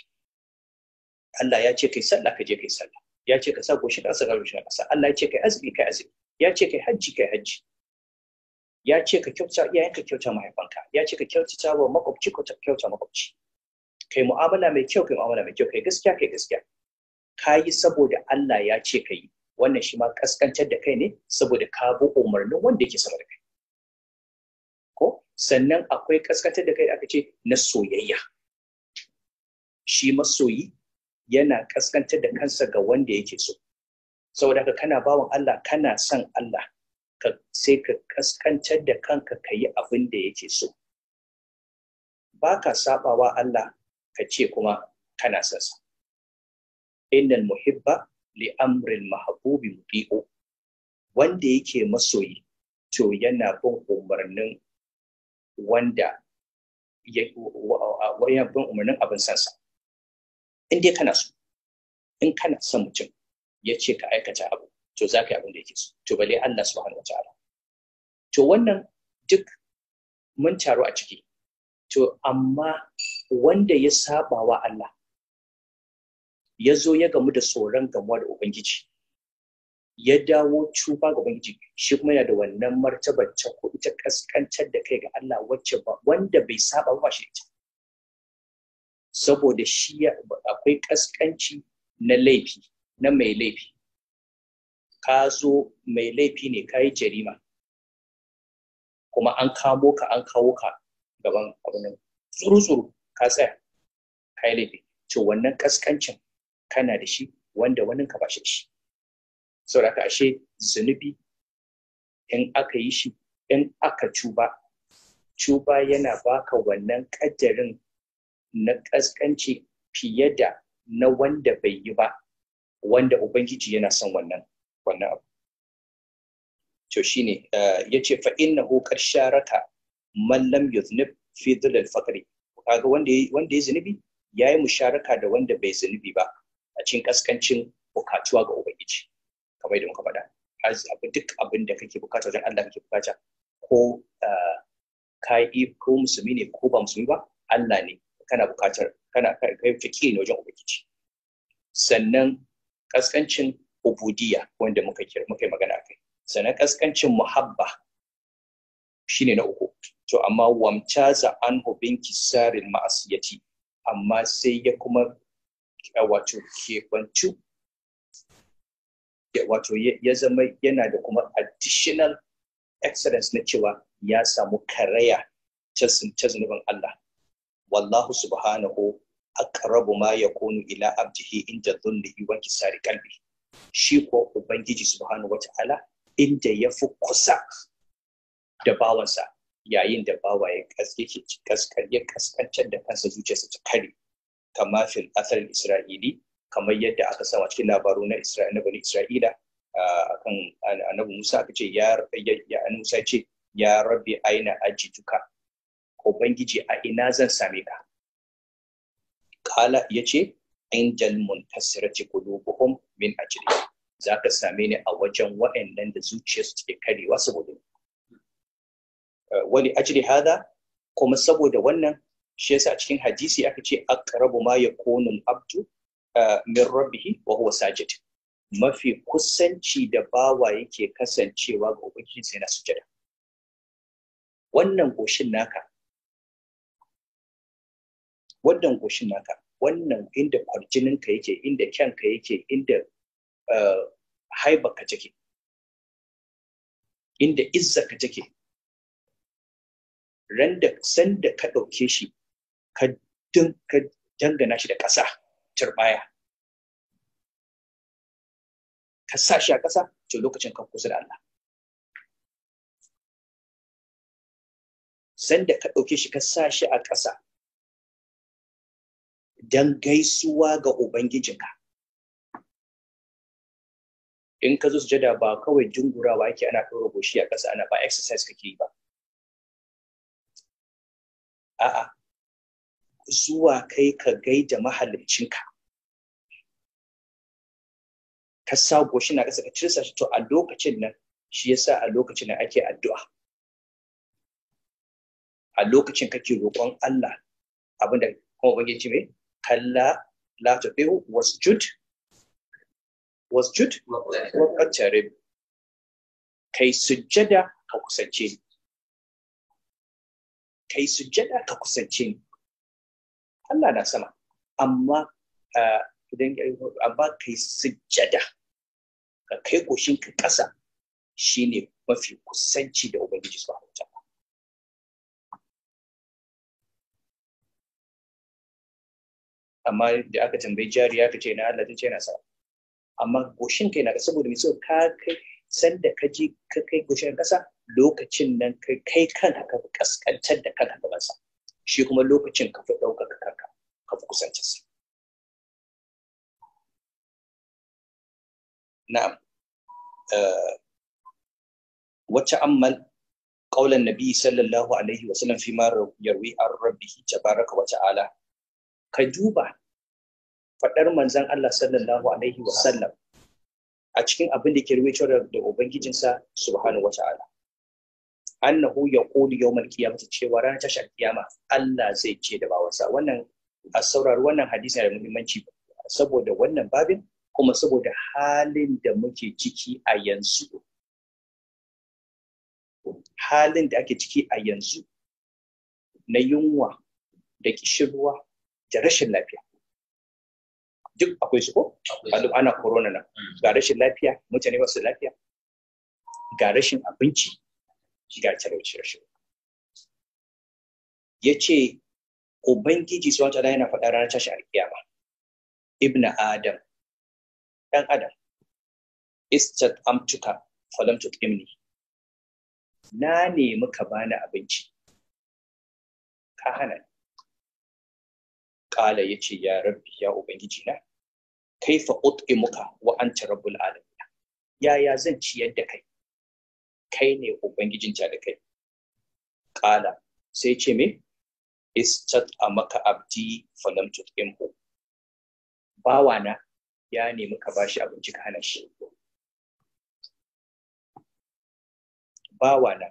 Allah ya ce kai sallah ka je kai sallah ya ce ka sa goshi ka saka goshi ƙasa Allah ya ce kai azumi kai azumi ya ce kai hajji kai hajji ya ce ka kyauta iyayen ka kyauta mahaifanka ya ce ka kyautata wa makwabci ka kyauta makwabci kai mu'amala mai kyau kai mu'amala mai kyau kai gaskiya kai gaskiya ka yi saboda Allah ya ce ka yi wannan shi ma kaskantar da kai ne saboda ka bi umarnin wanda yake sama da kai ko sannan akwai kaskantar da kai aka ce na soyayya shi masoyi yana kaskantar da kansa ga wanda yake so saboda haka kana bawan Allah kana son Allah ka sai ka kaskantar da kanka ka yi abin da yake so Baka ka sabawa Allah ka ce kuma kana son sa innal muhibba li amril mahbubi muti'u wanda yake masoyi to yana bin umarnin wanda ya bin umarnin abin sansa in dai kana so in kana son mutum ya ce ka aikata abu to za ka yi abin da yake so to bale Allah subhanahu wataala to wannan duk mun taru a ciki to amma wanda ya saba wa Allah ya zo ya gamu da tsoron gamuwa da ubangiji ya dawo cuba ga ubangiji shi kuma yana da wannan martabar ta ko ita kaskantar da kai ga Allah wacce ba wanda bai saba ba shi ita saboda shi akwai ƙasƙanci na laifi na mai laifi ka zo mai laifi ne ka jarima kuma an kamo ka an kawo ka gaban abinan tsuru-tsuru ka tsaya ka laifi to wannan kaskancin kana da shi wanda wani ka ba shi shi saboda ashe zunubi in aka yi shi in aka cuba cuba yana baka wannan kaddarin na ƙasƙanci fiye da na wanda bai yi ba wanda ubangiji yana son wannan wannan abu to shine eh, ya ce fa innahu qad sharaka man lam yuznib fi dhil faqri kaga wanda ya zunubi yayi musharaka da wanda bai zunubi ba a cikin kaskancin bukatuwa ga ubangiji kamar yadda muka faɗa abu duk abin da kake bukata wajen Allah kake bukata ko eh, kai ko musulmi ne ko ba musulmi ba Allah ne kana bukatar kana kai fiki ne wajen ubangiji sannan kaskancin ubudiya wanda muka kira muka yi magana kai sannan kaskancin muhabba shine na uku to amma wamtaza an hubin kisarin ma'asiyati amma sai ya kuma wato kebantu wato ya zama yana da kuma additional excellence na cewa ya samu karaya ta zunubin Allah wallahu subhanahu aqrabu ma ya konu ila abdihi inda dhullihi wa kisari qalbi shi kuwa ubangiji subhanahu wata'ala inda ya fi kusa da bawansa yayin da bawa ya kaskantar da kansa zuciyarsa ta kare kama fil asarin isra'ili kamar yadda aka sama cikin labaru na na bani isra'ila akan annabi musa aka ce ya musa ce ya rabbi aina aji duka ubangiji a ina zan same ka kala ya yace angel muntasirati qulubuhum min Za ka same ni a wajen waɗannan da zuciyarsu take karewa saboda eh, wani ajiri hada kuma saboda wannan shi yasa a cikin hadisi aka ce aqrabu ma ya konun abdu eh, min rabbih wa huwa sajid mafi kusanci da bawa yake kasancewa ga ubangiji sai na sujada wannan goshin naka wannan goshin naka wannan inda kwarjininka yake inda kyanka yake inda eh, ka take inda izzaka take san sanda ka ɗauke shi ka dangana shi da ƙasa turbaya ka sa shi a ƙasa to lokacin ka kusa da Allah sanda ka ɗauke shi ka sa shi a ƙasa don gaisuwa ga Ubangijinka. In ka zo sujada ba kawai jingurawa yake ana ɗora goshi a ƙasa ana ba exercise kake yi ba. A'a, zuwa kai ka gaida mahaliccinka. Ka sa goshi na ƙasa ka cirsa shi to a lokacin nan shi yasa a lokacin nan ake addu'a. A lokacin kake roƙon Allah abinda kuma ubangiji me kalla la tabi'u wasjud wasjud waqtarib kai sujjada ka kusance ni kai sujjada ka kusance ni Allah na sama amma idan amma kai sujjada ka kai koshin ka ƙasa shine mafi kusanci da Ubangiji subhanahu wa ta'ala amma da aka tambayi jariya ka ce na Allah ta ce na sa amma goshin kai na ka saboda mai so ka kai sanda ka ji ka kai goshin kasa lokacin nan kai kai kanka ka kaskantar da kanka gaban sa shi kuma lokacin ka fi ka kanka ka fi kusance sa na'am eh, wacce amman قول النبي صلى الله عليه وسلم فيما يروي عن ربه تبارك وتعالى ka duba faɗar manzan Allah sallallahu alaihi wa sallam a cikin abin da ke rubuce da ubangijinsa subhanahu wa ta'ala annahu yaqulu yawmal qiyamati cewa ranar tashar kiyama Allah zai ce da bawansa wannan a saurari wannan hadisi da muhimmanci saboda wannan babin kuma saboda halin da muke ciki a yanzu halin da ake ciki a yanzu na yunwa da kishirwa da rashin lafiya duk akwai su ko ana corona nan hmm. ga rashin lafiya mutane masu lafiya ga rashin abinci ga talauci rashin ya ce ubangiji su wata yana faɗa ranar tashi alkiyama ibn adam ɗan adam istat amtuka falam tutimni na nemi ka bani abinci ka hana ni kala ya ce ya rabbi ya ubangiji na kaifa muka wa anta rabbul alamin yaya zan ciyar da kai kai ne ubangijin ta da kai kala sai ce me istat amaka abdi falam tut'imhu na, ya nemi ka bashi abinci ka hana shi na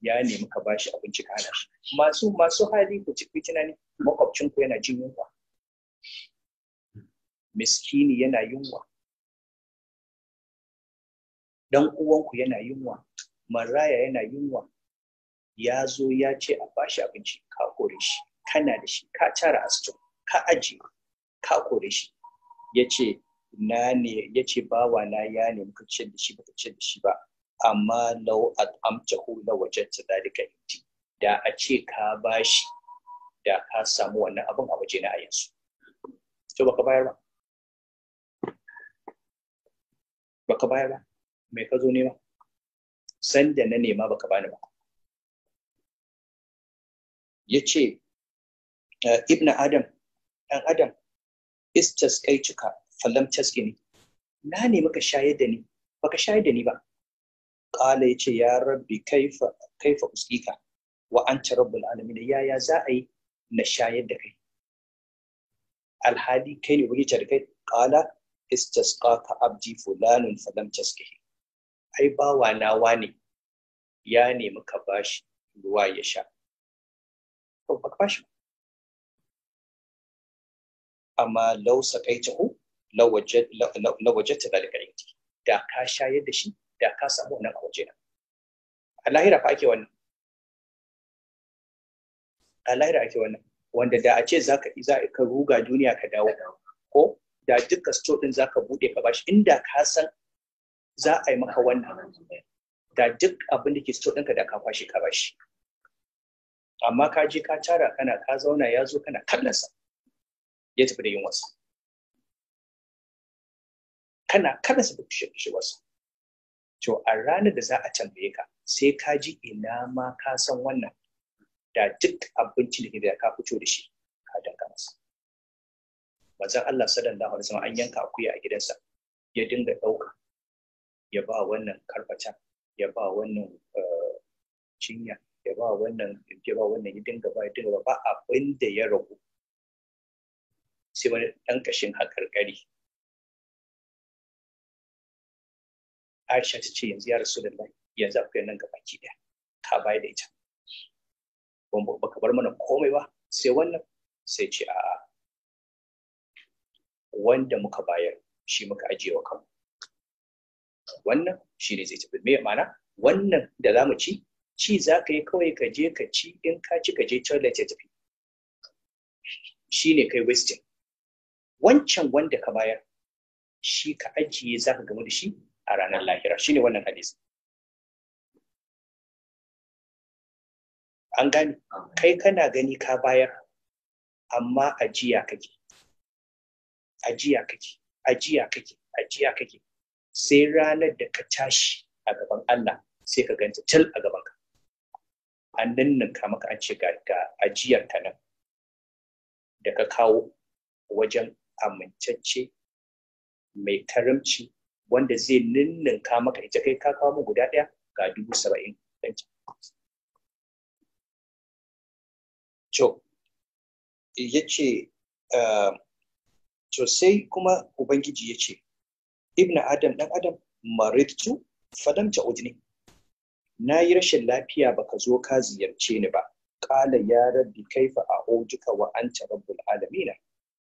ya nemi ka bashi abinci ka hana shi masu masu hali ku ciki tunani makwabcin ku yana jin yunwa miskini yana yunwa dan uwanku yana yunwa maraya yana yunwa ya zo ya ce a bashi abinci ka kore shi kana da shi ka tara asibiti ka ajiye ka kore shi ya ce na ne ya ce bawa na ya ne muka ce da shi muka ce da shi ba amma lau at'amtahu la wajadta dalika inti da a ce ka bashi da ka samu wannan abin a waje na yanzu to baka bayar ba baka bayar ba me ka zo nema San da na nema baka bani ba ya ce eh, ibn adam ɗan adam istas kai cika falam ne. na ne maka shayar da ni baka shayar da ni ba ƙala ya ce ya rabbi kaifa kaifa uskika wa anta rabbul alamin yaya za a yi na shayar da kai alhali kai ne ubangiji da kai qala istasqaka abdi fulanun falam taskihi ai bawa nawa ne ya nemi ka bashi ruwa ya sha ko ba ka bashi amma law saqaitahu law wajadta dalika indi da ka shayar da shi da ka samu wannan a waje a lahira fa ake wannan a lahira ake wannan wanda da a ce za ka ka ruga duniya ka dawo ko da duka store din za ka bude ka bashi inda ka san za a yi maka wannan da duk abin da ke store ɗinka da ka kwashe ka bashi amma ka je ka tara kana ka zauna ya zo kana kallansa ya tafi da yunwarsa kana kallonsa da kushe wasu, to a ranar da za a tambaye ka sai ka ji ina ma ka san wannan da duk abincin da ke da ka fito da shi ka danka masa manzon Allah sallallahu alaihi zama an yanka akuya a gidansa ya dinga ɗauka ya ba wannan karfata, ya ba wannan eh, cinya ya ba wannan ya ba wannan ya dinga ba dinga ba abin ya ragu sai wani ɗan kashin haƙarƙari Aisha ta ce yanzu ya rasu da yanzu akwai nan gaba ki ɗaya ka bayar da ita baka bar mana komai ba sai wannan sai ce a wanda muka bayar shi muka ajiye wa kanmu wannan shi ne zai tafi me ma'ana wannan da za mu ci ci za ka yi kawai ka je ka ci in ka ci ka je toilet ya tafi shi ne kai wasting wancan wanda ka bayar shi ka ajiye za ka gamu da shi a ranar lahira shi ne wannan hadisi an gane kai kana gani ka bayar amma ajiya kake ajiya kake ajiya kake ajiya kake sai ranar da ka tashi a gaban Allah sai ka ganta tal a gaban ka an nan ka maka an ce ga ajiyar ka nan da ka kawo wajen amintacce mai karamci wanda zai ninninka maka ita kai ka kawo mu guda ɗaya ga dubu saba'in to ya ce ah, to sai kuma ubangiji ya ce ibn adam ɗan adam maritu fadam ta udni na yi rashin lafiya ba ka zo ka ziyarce ni ba Ƙala ya rabbi kaifa a ojuka wa an rabbul alamina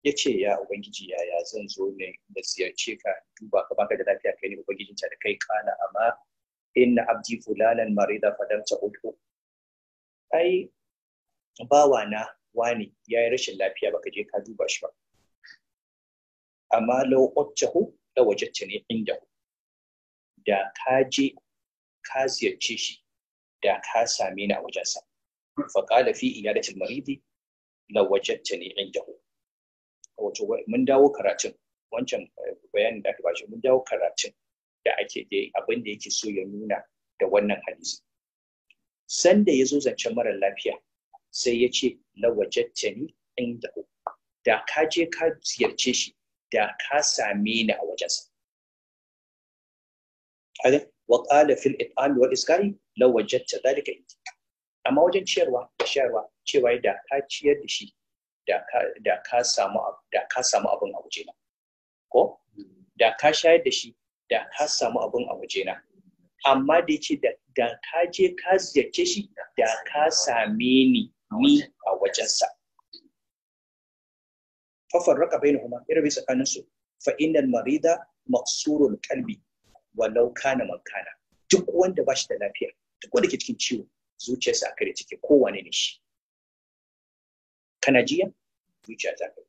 ya ce ya ubangiji yaya zan zo ne da ziyarce ka duba ka baka da lafiya kai ne ubangijin ta da kai ƙala. amma inna abdi fulanan marida fadam ta udhu ai bawa na wani ya yi rashin lafiya baka je ka duba shi ba amma lau ottahu da wajacce ne inda da ka je ka ziyarce shi da ka same ni a wajensa fa qala fi al maridi la wajacce ne inda wato mun dawo karatun wancan bayanin da aka bashi mun dawo karatun da ake da abin da yake so ya nuna da wannan hadisi sanda ya zo zancen mara lafiya sai ya ce lawajattani inda da ka je ka ziyarce shi da ka same ni a wajensa hada wa qala fil it'al wal iskari lawajatta dalika inda amma wajen ciyarwa da shayarwa cewa da ka ciyar da shi da ka samu da ka samu abin a wajena ko da ka shayar da shi da ka samu abin a wajena amma da yace da ka je ka ziyarce shi da ka same ni ni a wajensa fafarraka bainahuma ya rabe tsakanin su fa innal marida maqsurul qalbi walau kana makana. duk wanda ba shi da lafiya duk wanda ke cikin ciwo zuciyarsa a kare ciki, kowane ne shi kana jiya zuciya ta kare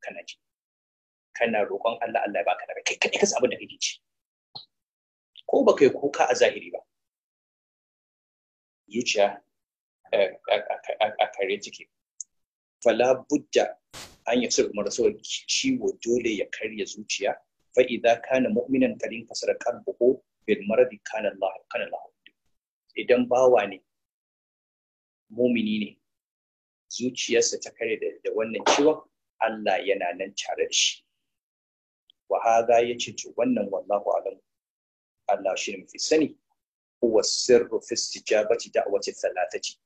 kana ji kana roƙon Allah Allah ya baka da kai kai kasa abin da kake ci ko ba kai kuka a zahiri ba zuciya a kare ciki fala budda an yi sirri mara ciwo dole ya karya zuciya fa idza kana mu'minan kadin kasara qalbuhu bil maradi kana Allah idan bawa ne mumini ne zuciyarsa ta kare da wannan ciwon Allah yana nan tare da shi wa ya ce ce wannan wallahu alam Allah shi ne mafi sani huwa sirru fi istijabati talata ce.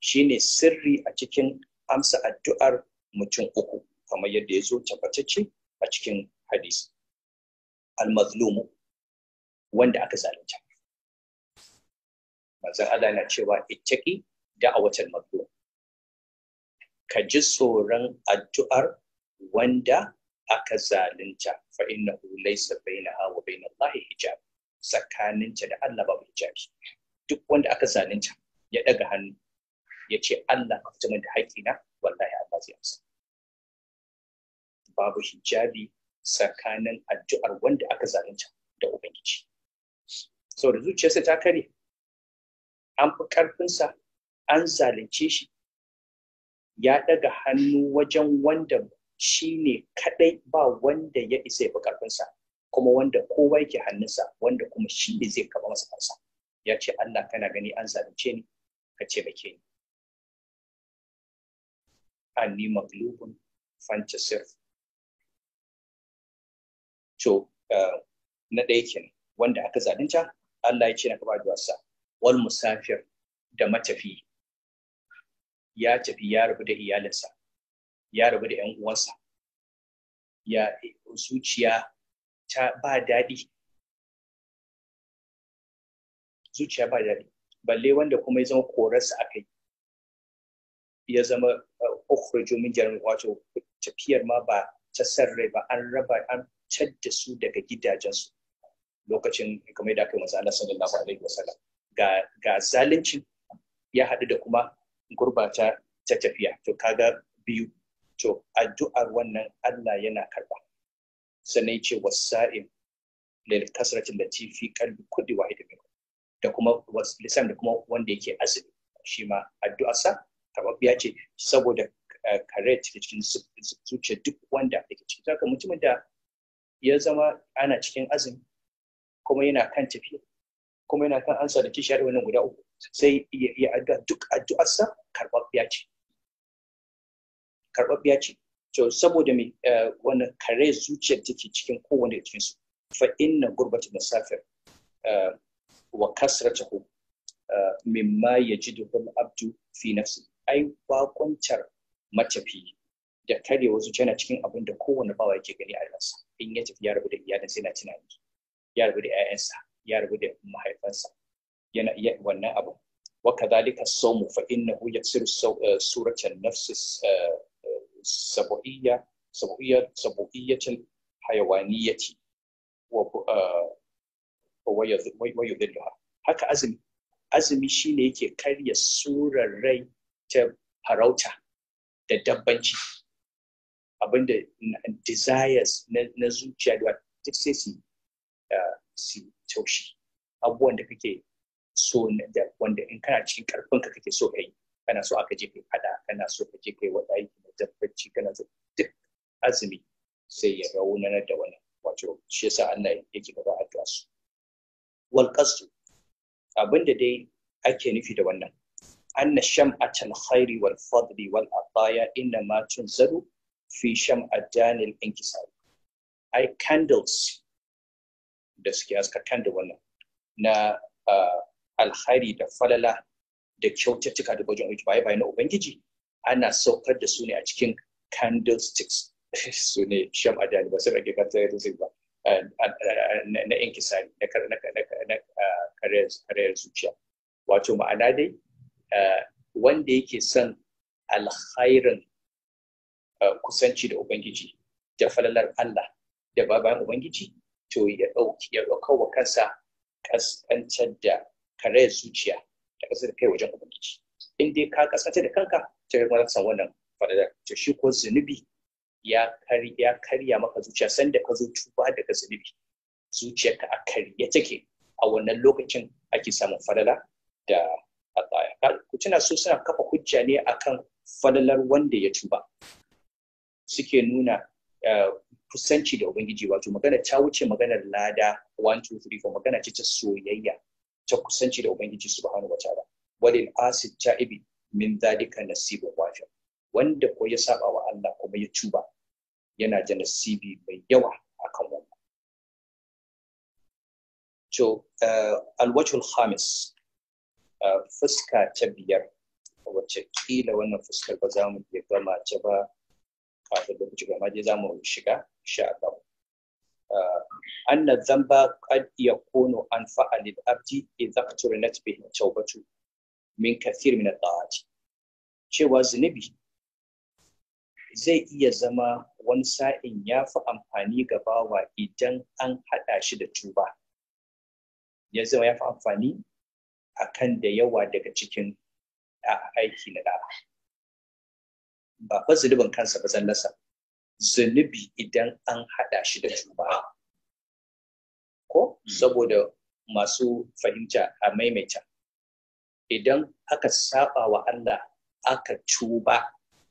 shine sirri a cikin amsa addu'ar mutum uku kamar yadda ya zo tabbatacce a cikin hadisi al-mazlumu wanda aka zalunta manzon Allah na cewa a da'awatal mazlum ka ji tsoron addu'ar wanda aka zalunta fa innahu laysa bainaha wa bainallahi hijab tsakaninta da Allah babu hijabi duk wanda aka zalunta ya daga hannu ya ce Allah ka fita da na wallahi Allah zai amsa babu hijabi tsakanin addu'ar wanda aka zalunta da ubangiji saboda zuciyarsa ta kare an fi ƙarfinsa an zalunce shi ya ɗaga hannu wajen wanda shi ne kaɗai ba wanda ya isa ya fi ƙarfinsa kuma wanda kowa yake hannunsa wanda kuma shi ne zai kaba masa kansa ya ce Allah kana gani an zalunce ni ka ce bake ni أني مغلوب Sirf. to eh, na ɗaya kenan wanda aka zalunta Allah ya ce na kaba duwarsa wal musafir da matafi ya tafi ya rabu da iyalinsa ya rabu da ƴan uwansa ya zuciya ta ba daɗi zuciya ba daɗi balle wanda kuma ya zama korarsa aka ya zama eh, ukhruju min wato tafiyar ma ba ta sarrai ba an raba an da su daga gidajen su. lokacin kamar da aka yi sallallahu alaihi wasallam ga ga zalunci ya haɗu da kuma gurbata ta tafiya to kaga biyu to addu'ar wannan Allah yana karba sannan yace wasa'in lil da lati fi kalbi kulli wahid min da kuma lisan da kuma wanda yake azumi shi ma addu'arsa karbabbiya ce saboda kare cikin cikin zuciya duk wanda yake ciki zaka mutumin da ya zama ana cikin azumi kuma yana kan tafiya kuma yana kan ansa da kishiyar wannan guda uku sai ya addu'a duk addu'arsa karɓaɓɓiya ce karɓaɓɓiya ce to saboda me eh, wannan kare zuciyar take cikin kowanne da cikin su fa inna gurbatu musafir eh, wa kasratuhu eh, mimma yajiduhu al-abdu fi nafsi ai bakuncar matafi da tare wasu yana cikin abin da kowane bawa yake gani a ransa in ya tafi ya rabu da iyalin sai na tunani ya rabu da 'ya'yansa ya rabu da mahaifansa yana iya wannan abu wa kadhalika sawmu fa innahu yaksiru eh, suratan nafsi eh, sab'iyya sab'iyya sab'iyyatil hayawaniyati eh, wa wa yudhilluha haka azumi azumi shine yake karya surar rai ta farauta da dabbanci abinda desires na zuciya da duk sai su ah, su taushi abubuwan da kake so da wanda in kana cikin karfin ka kake so ka yi kana so aka je kai fada kana so ka je kai wata aiki na dabbanci kana so duk azumi sai ya raunanar da wannan wato shi yasa Allah yake gaba addu'a su wal qasd abinda dai ake nufi da wannan أن شمعة الخير والفضل والعطايا إنما تنزل في شمعتان الانكسار أي candles da suke haska candle wannan na alkhairi da falala da kyaututtuka da gwajin uki baya na Ubangiji ana saukar da su ne a cikin candlesticks su ne shamadani ba su rage kanta ya ba na inkisari na karayar zuciya wato ma'ana dai Eh, wanda yake son alkhairin eh, kusanci da ubangiji da falalar Allah da baban ubangiji to ya dauki ya dauka wa kansa kaskantar da kare zuciya da kasar kai wajen ubangiji in dai ka kasance da kanka ta yi san wannan falalar to shi ko zunubi ya karya maka zuciya sanda ka zo tuba daga zunubi zuciyarka a karye take a wannan lokacin ake samun falala da khataya ku tuna su suna kafa hujja ne akan falalar wanda ya tuba suke nuna eh, kusanci da ubangiji wato magana ta wuce maganar lada 1 magana ce ta soyayya ta kusanci da ubangiji subhanahu wataala walil asid ta'ibi min dhalika nasibun wafi wanda ko ya saba wa Allah kuma ya tuba yana da nasibi mai yawa akan wannan to eh, khamis fuska ta biyar wacce kila wannan fuskar ba za mu iya gama ta ba kafin da ba gama dai za mu shiga insha Allah أن kono قد يكون Abdi للعبد إذا اقترنت به التوبة min كثير من الطاعات cewa zunubi zai iya zama wani sa'in ya fi amfani ga bawa idan an haɗa shi da tuba ya zama ya fi amfani akan da yawa daga cikin aiki na da'a ba fa zunubin kansa ba zallasa, zunubi idan an haɗa shi da tuba. ko saboda masu fahimta a maimaita idan aka saba wa Allah aka tuba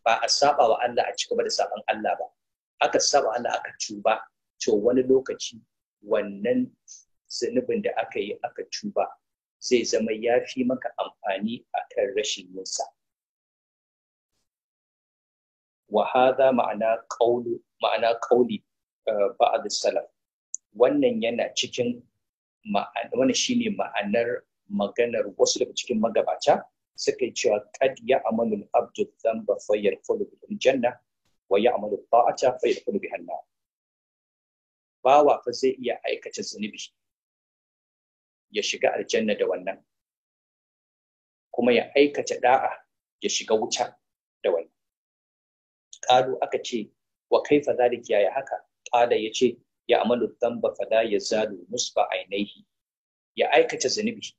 ba a saba wa Allah a ba da saban Allah ba aka saba Allah aka tuba to wani lokaci wannan zunubin da aka yi aka tuba zai zama ya fi maka amfani a kan rashin yinsa. Wahaza ma'ana ƙauli ma'ana ƙauli eh, ba'ad Wannan yana cikin shi shine ma'anar maganar wasu daga cikin magabata suka yi cewa kad ya amalu abdu dhanba fa yadkhulu bil janna wa ya amalu ta'ata fa yadkhulu bihan nar. Bawa fa zai iya aikata zunubi ya shiga aljanna da wannan kuma ya aikata da'a ya shiga wuta da wannan qalu aka ce wa kaifa zalika yaya haka qala ce, ya amalu dhanba ya yazalu musba ainihi ya aikata zunubi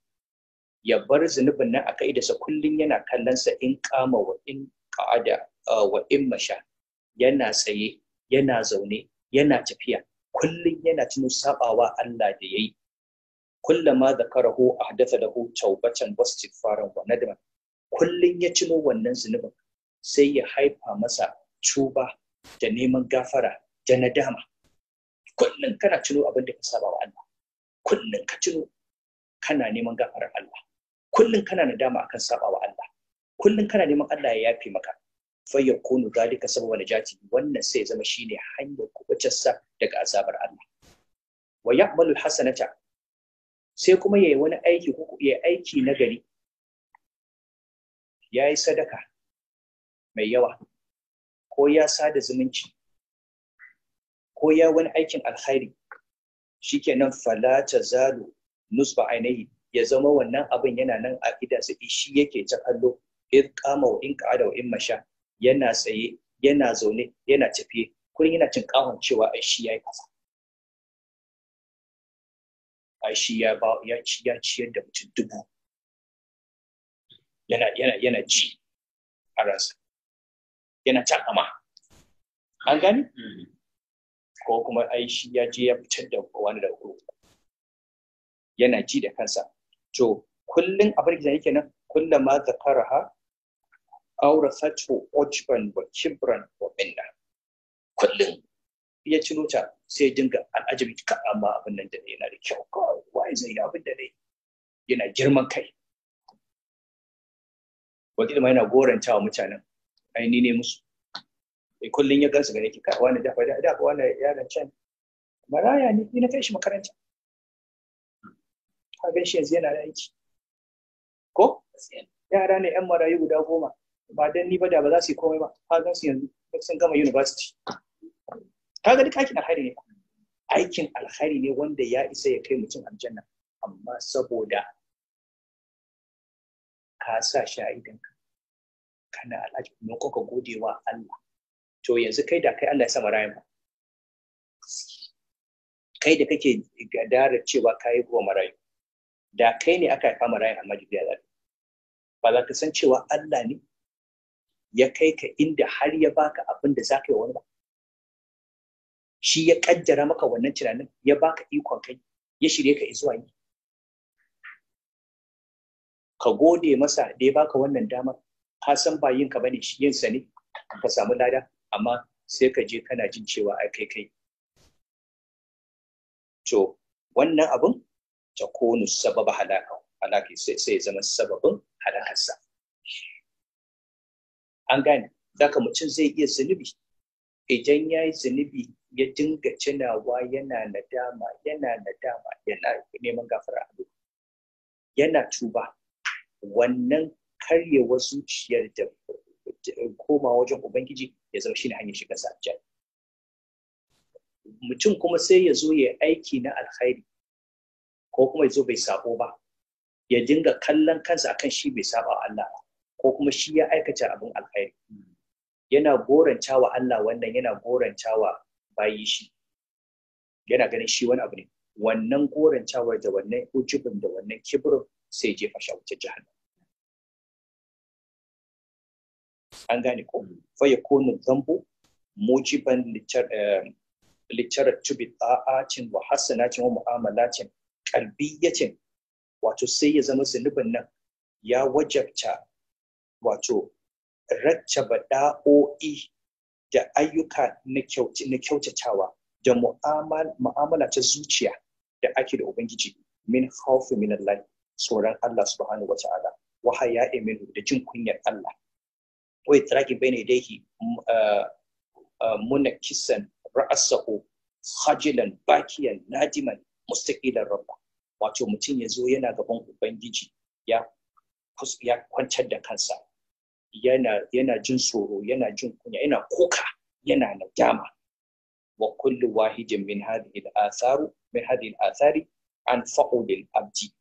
ya bar zunubin nan a ka'idarsa kullum yana kallon sa in kama wa in qada wa in masha yana tsaye yana zaune yana tafiya kullum yana tuno sabawa Allah da yayi kullama zakarahu ahdatha lahu tawbatan wastighfaran wa nadman kullun ya cino wannan zunubin sai ya haifa masa tuba da neman gafara da nadama kullun kana cino abin da ka saba wa Allah kullun ka cino kana neman gafarar Allah kullun kana nadama akan saba wa Allah kullun kana neman Allah ya yafe maka fa yakunu zalika sababa najati wannan sai zama shine hanyar kubutarsa daga azabar Allah wa ya'malu hasanata sai kuma ya yi wani aiki ko yayi aiki na gari yayi sadaka mai yawa ko ya sada zumunci ko ya wani aikin alkhairi shikenan fala zalu nusba ainihi ya zama wannan abin yana nan a sai shi yake ta kallo in kama wa in ka'ada wa in masha yana tsaye yana zaune yana tafiye kullum yana cin kawon cewa ai shi yayi kaza a shi ya ba ya ci ya ci yadda mutum dubu yana yana yana ji a ransa yana takama an gani hmm. ko kuma ai shi ya je ya fitar da wani da kurkuku yana ji da kansa to kullun abin da yake nan kullum ma aura sacho ochban wa kibran wa binna kullun ya ciro ta sai dinga al'ajabi ka amma abin nan da yana da kyau kawai wai zai yi abin da ne yana girman kai wakil ma yana goranta wa mutanen ni ne musu sai kullun ya gansu gane ki ka wani dafa da dafa wani yaron can maraya ne ni kai shi makaranta ka gan shi yanzu yana da aiki ko yara ne yan marayu guda goma ba dan ni ba da ba za su yi komai ba ka gan su yanzu sun gama university kaga duk aikin alkhairi ne aikin alkhairi ne wanda ya isa ya kai mutum aljanna amma saboda ka sa shi a idanka kana alhaji kuma ko ka gode wa Allah to yanzu kai da kai Allah ya sama rayuwa kai da kake gadara cewa kai yi ruwa marayu da kai ne aka haifa marayu amma ya zaɓi ba za ka san cewa Allah ne ya kai ka inda har ya baka abin da za ka yi wani ba shi ya kaddara maka wannan tunanin ya baka ikon kai ya shirye ka zuwa yi ka gode masa da ya baka wannan dama, ka san ba yin ka bane yin sa ne ka samu lada amma sai ka je kana jin cewa ai kai kai to wannan abun ta konu sababa halaka halaki sai ya zama sababin halakarsa an gane zaka mutum zai iya zunubi idan ya yi zunubi ya dinga cinawa yana nadama yana nadama yana neman gafara a yana tuba wannan karyewa zuciyar da koma wajen ubangiji ya zama shine hanyar shiga sa mutum kuma sai ya zo ya aiki na alkhairi ko kuma ya zo bai sabo ba ya dinga kallon kansa akan shi bai saba Allah ko kuma shi ya aikata abin alkhairi yana goranta wa Allah wannan yana goranta wa bayi shi yana ganin shi wani abu ne wannan gorancawar da wannan ujubin da wannan kibirin sai jefa fasha wuce jihar jahannam an gane ko fa yakunu dhanbu mujiban littaratu eh, bi ta'atin wa hasanatin wa mu'amalatin qalbiyatin wato sai ya zama zunubin nan ya wajabta wato rattaba da'o'i da ayyuka na kyautatawa da mu'amala ta zuciya da ake da ubangiji min haufi min Allah tsoron Allah subhanahu wata'ala wa haya iminu da jin kunyar Allah wa bai ne dai eh, eh, muna kisan ra'asahu khajilan bakiyan nadiman mustaqilan rabba wato mutum ya zo yana gaban ubangiji ya kwantar da kansa yana jin tsoro yana jin kunya yana kuka yana nadama wa kullu wahidin min hadhihi al-atharu min hadhihi al-athari an lil abdi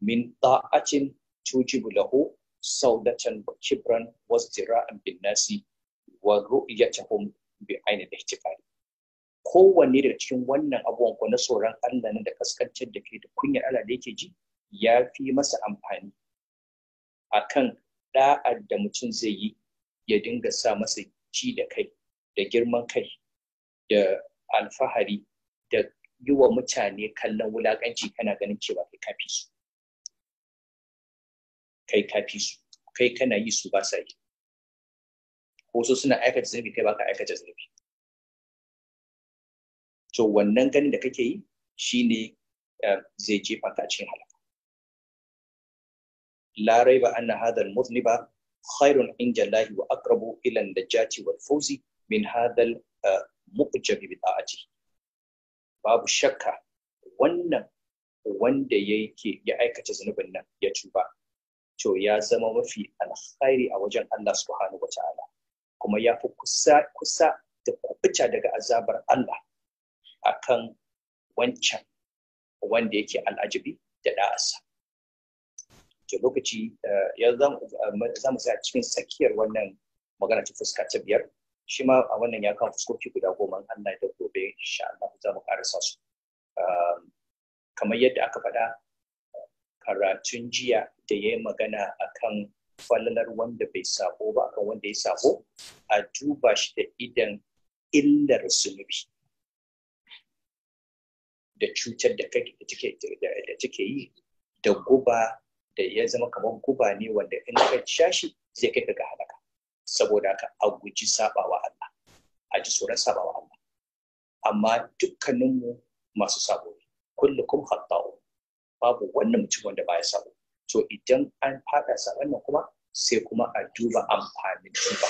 min ta'atin tujibu lahu saudatan wa kibran wa istira'an bin nasi wa ru'yatahum bi aini al-ihtifali kowanne da cikin wannan abubuwan ko na tsoron Allah na da kaskancin da ke da kunyar Allah da yake ji ya fi masa amfani akan da'ar da mutum zai yi ya dinga sa masa ci da kai da girman kai da alfahari da yi wa mutane kallon wulaƙanci kana ganin cewa kai kafi su kai kafi su kai kana yi su ba sa yi wasu suna aikata zunubi kai baka aikata zunubi to wannan ganin da kake yi shine eh, zai jefa ka cikin hala Larai ba ana hadha al-mudhniba khairun inda wa aqrabu ila an-najati wal fawzi min hadha al-mu'jab uh, bi babu shakka wannan wanda yake ya aikata zunubin nan ya tuba to ya zama mafi alkhairi a wajen Allah subhanahu wata'ala kuma ya fi kusa da kubuta daga azabar Allah akan wancan wanda yake al'ajabi da da'asa to lokaci eh, ya za mu a cikin tsakiyar wannan magana ta fuska ta biyar shi ma a wannan ya kan fuskoki guda goma Allah da gobe insha Allah za mu sa su ehm, kamar yadda aka faɗa karatun jiya da ya yi magana akan falalar wanda bai sabo ba akan wanda ya sabo a duba shi da idan illar zunubi da cutar da take yi da guba da ya zama kamar guba ne wanda in ka sha shi zai kai ga halaka saboda haka a guji sabawa Allah a ji tsoron sabawa Allah amma dukkaninmu masu sabo ne kullukum khata'u babu wannan mutum wanda baya sabo to idan an fada sa nan kuma sai kuma a duba amfanin tuba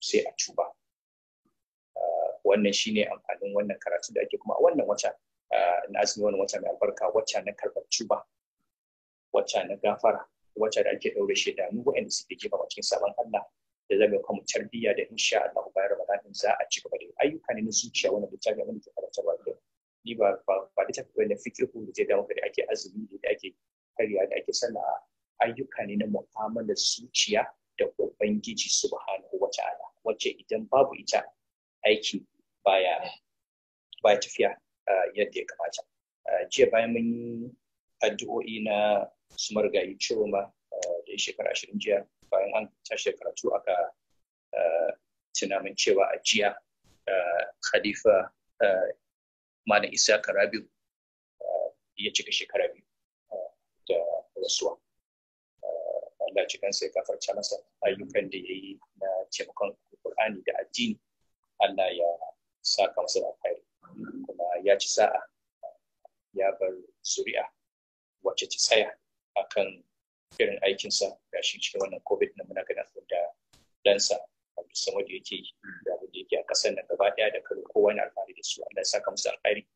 sai a tuba ah, wannan shine amfanin wannan karatu da ake kuma a wannan wata ah, na azumi wannan wata mai albarka wacce na karɓar tuba wacce na gafara wacce da ake daure shi da mu waɗanda suke jefa a cikin sabon Allah da zaga kuma tarbiyya da insha Allah bayan Ramadan za a ci gaba da ayyuka ne na zuciya wanda da tabi abin da ke karantarwa da ni ba ba da tafi da ko da zai dawo da ake azumi da ake karya da ake sallah ayyuka ne na mu'amalar zuciya da ubangiji subhanahu wa ta'ala wacce idan babu ita aiki baya baya tafiya ah, yadda ya kamata ah, jiya bayan mun yi addu'o'i na su marigayi ciroma eh, da ya shekara ashirin jiya bayan an tashi karatu aka eh, tunamin cewa a jiya eh, khalifa malam isa karabiu ya cika shekara biyu da rasuwa Allah kansa sai kafarta masa ayyukan da ya yi na taimakon Qur'ani da addini Allah ya saka masa alkhairi kuma ya ci sa'a ya bar zuri'a wacce ci tsaya akan irin aikinsa da shi cikin wannan covid na muna ganin abin da ɗansa abu sama da yake da da yake a ƙasar nan gaba ɗaya da kano kowa na alfahari da su Allah ya saka musu alfahari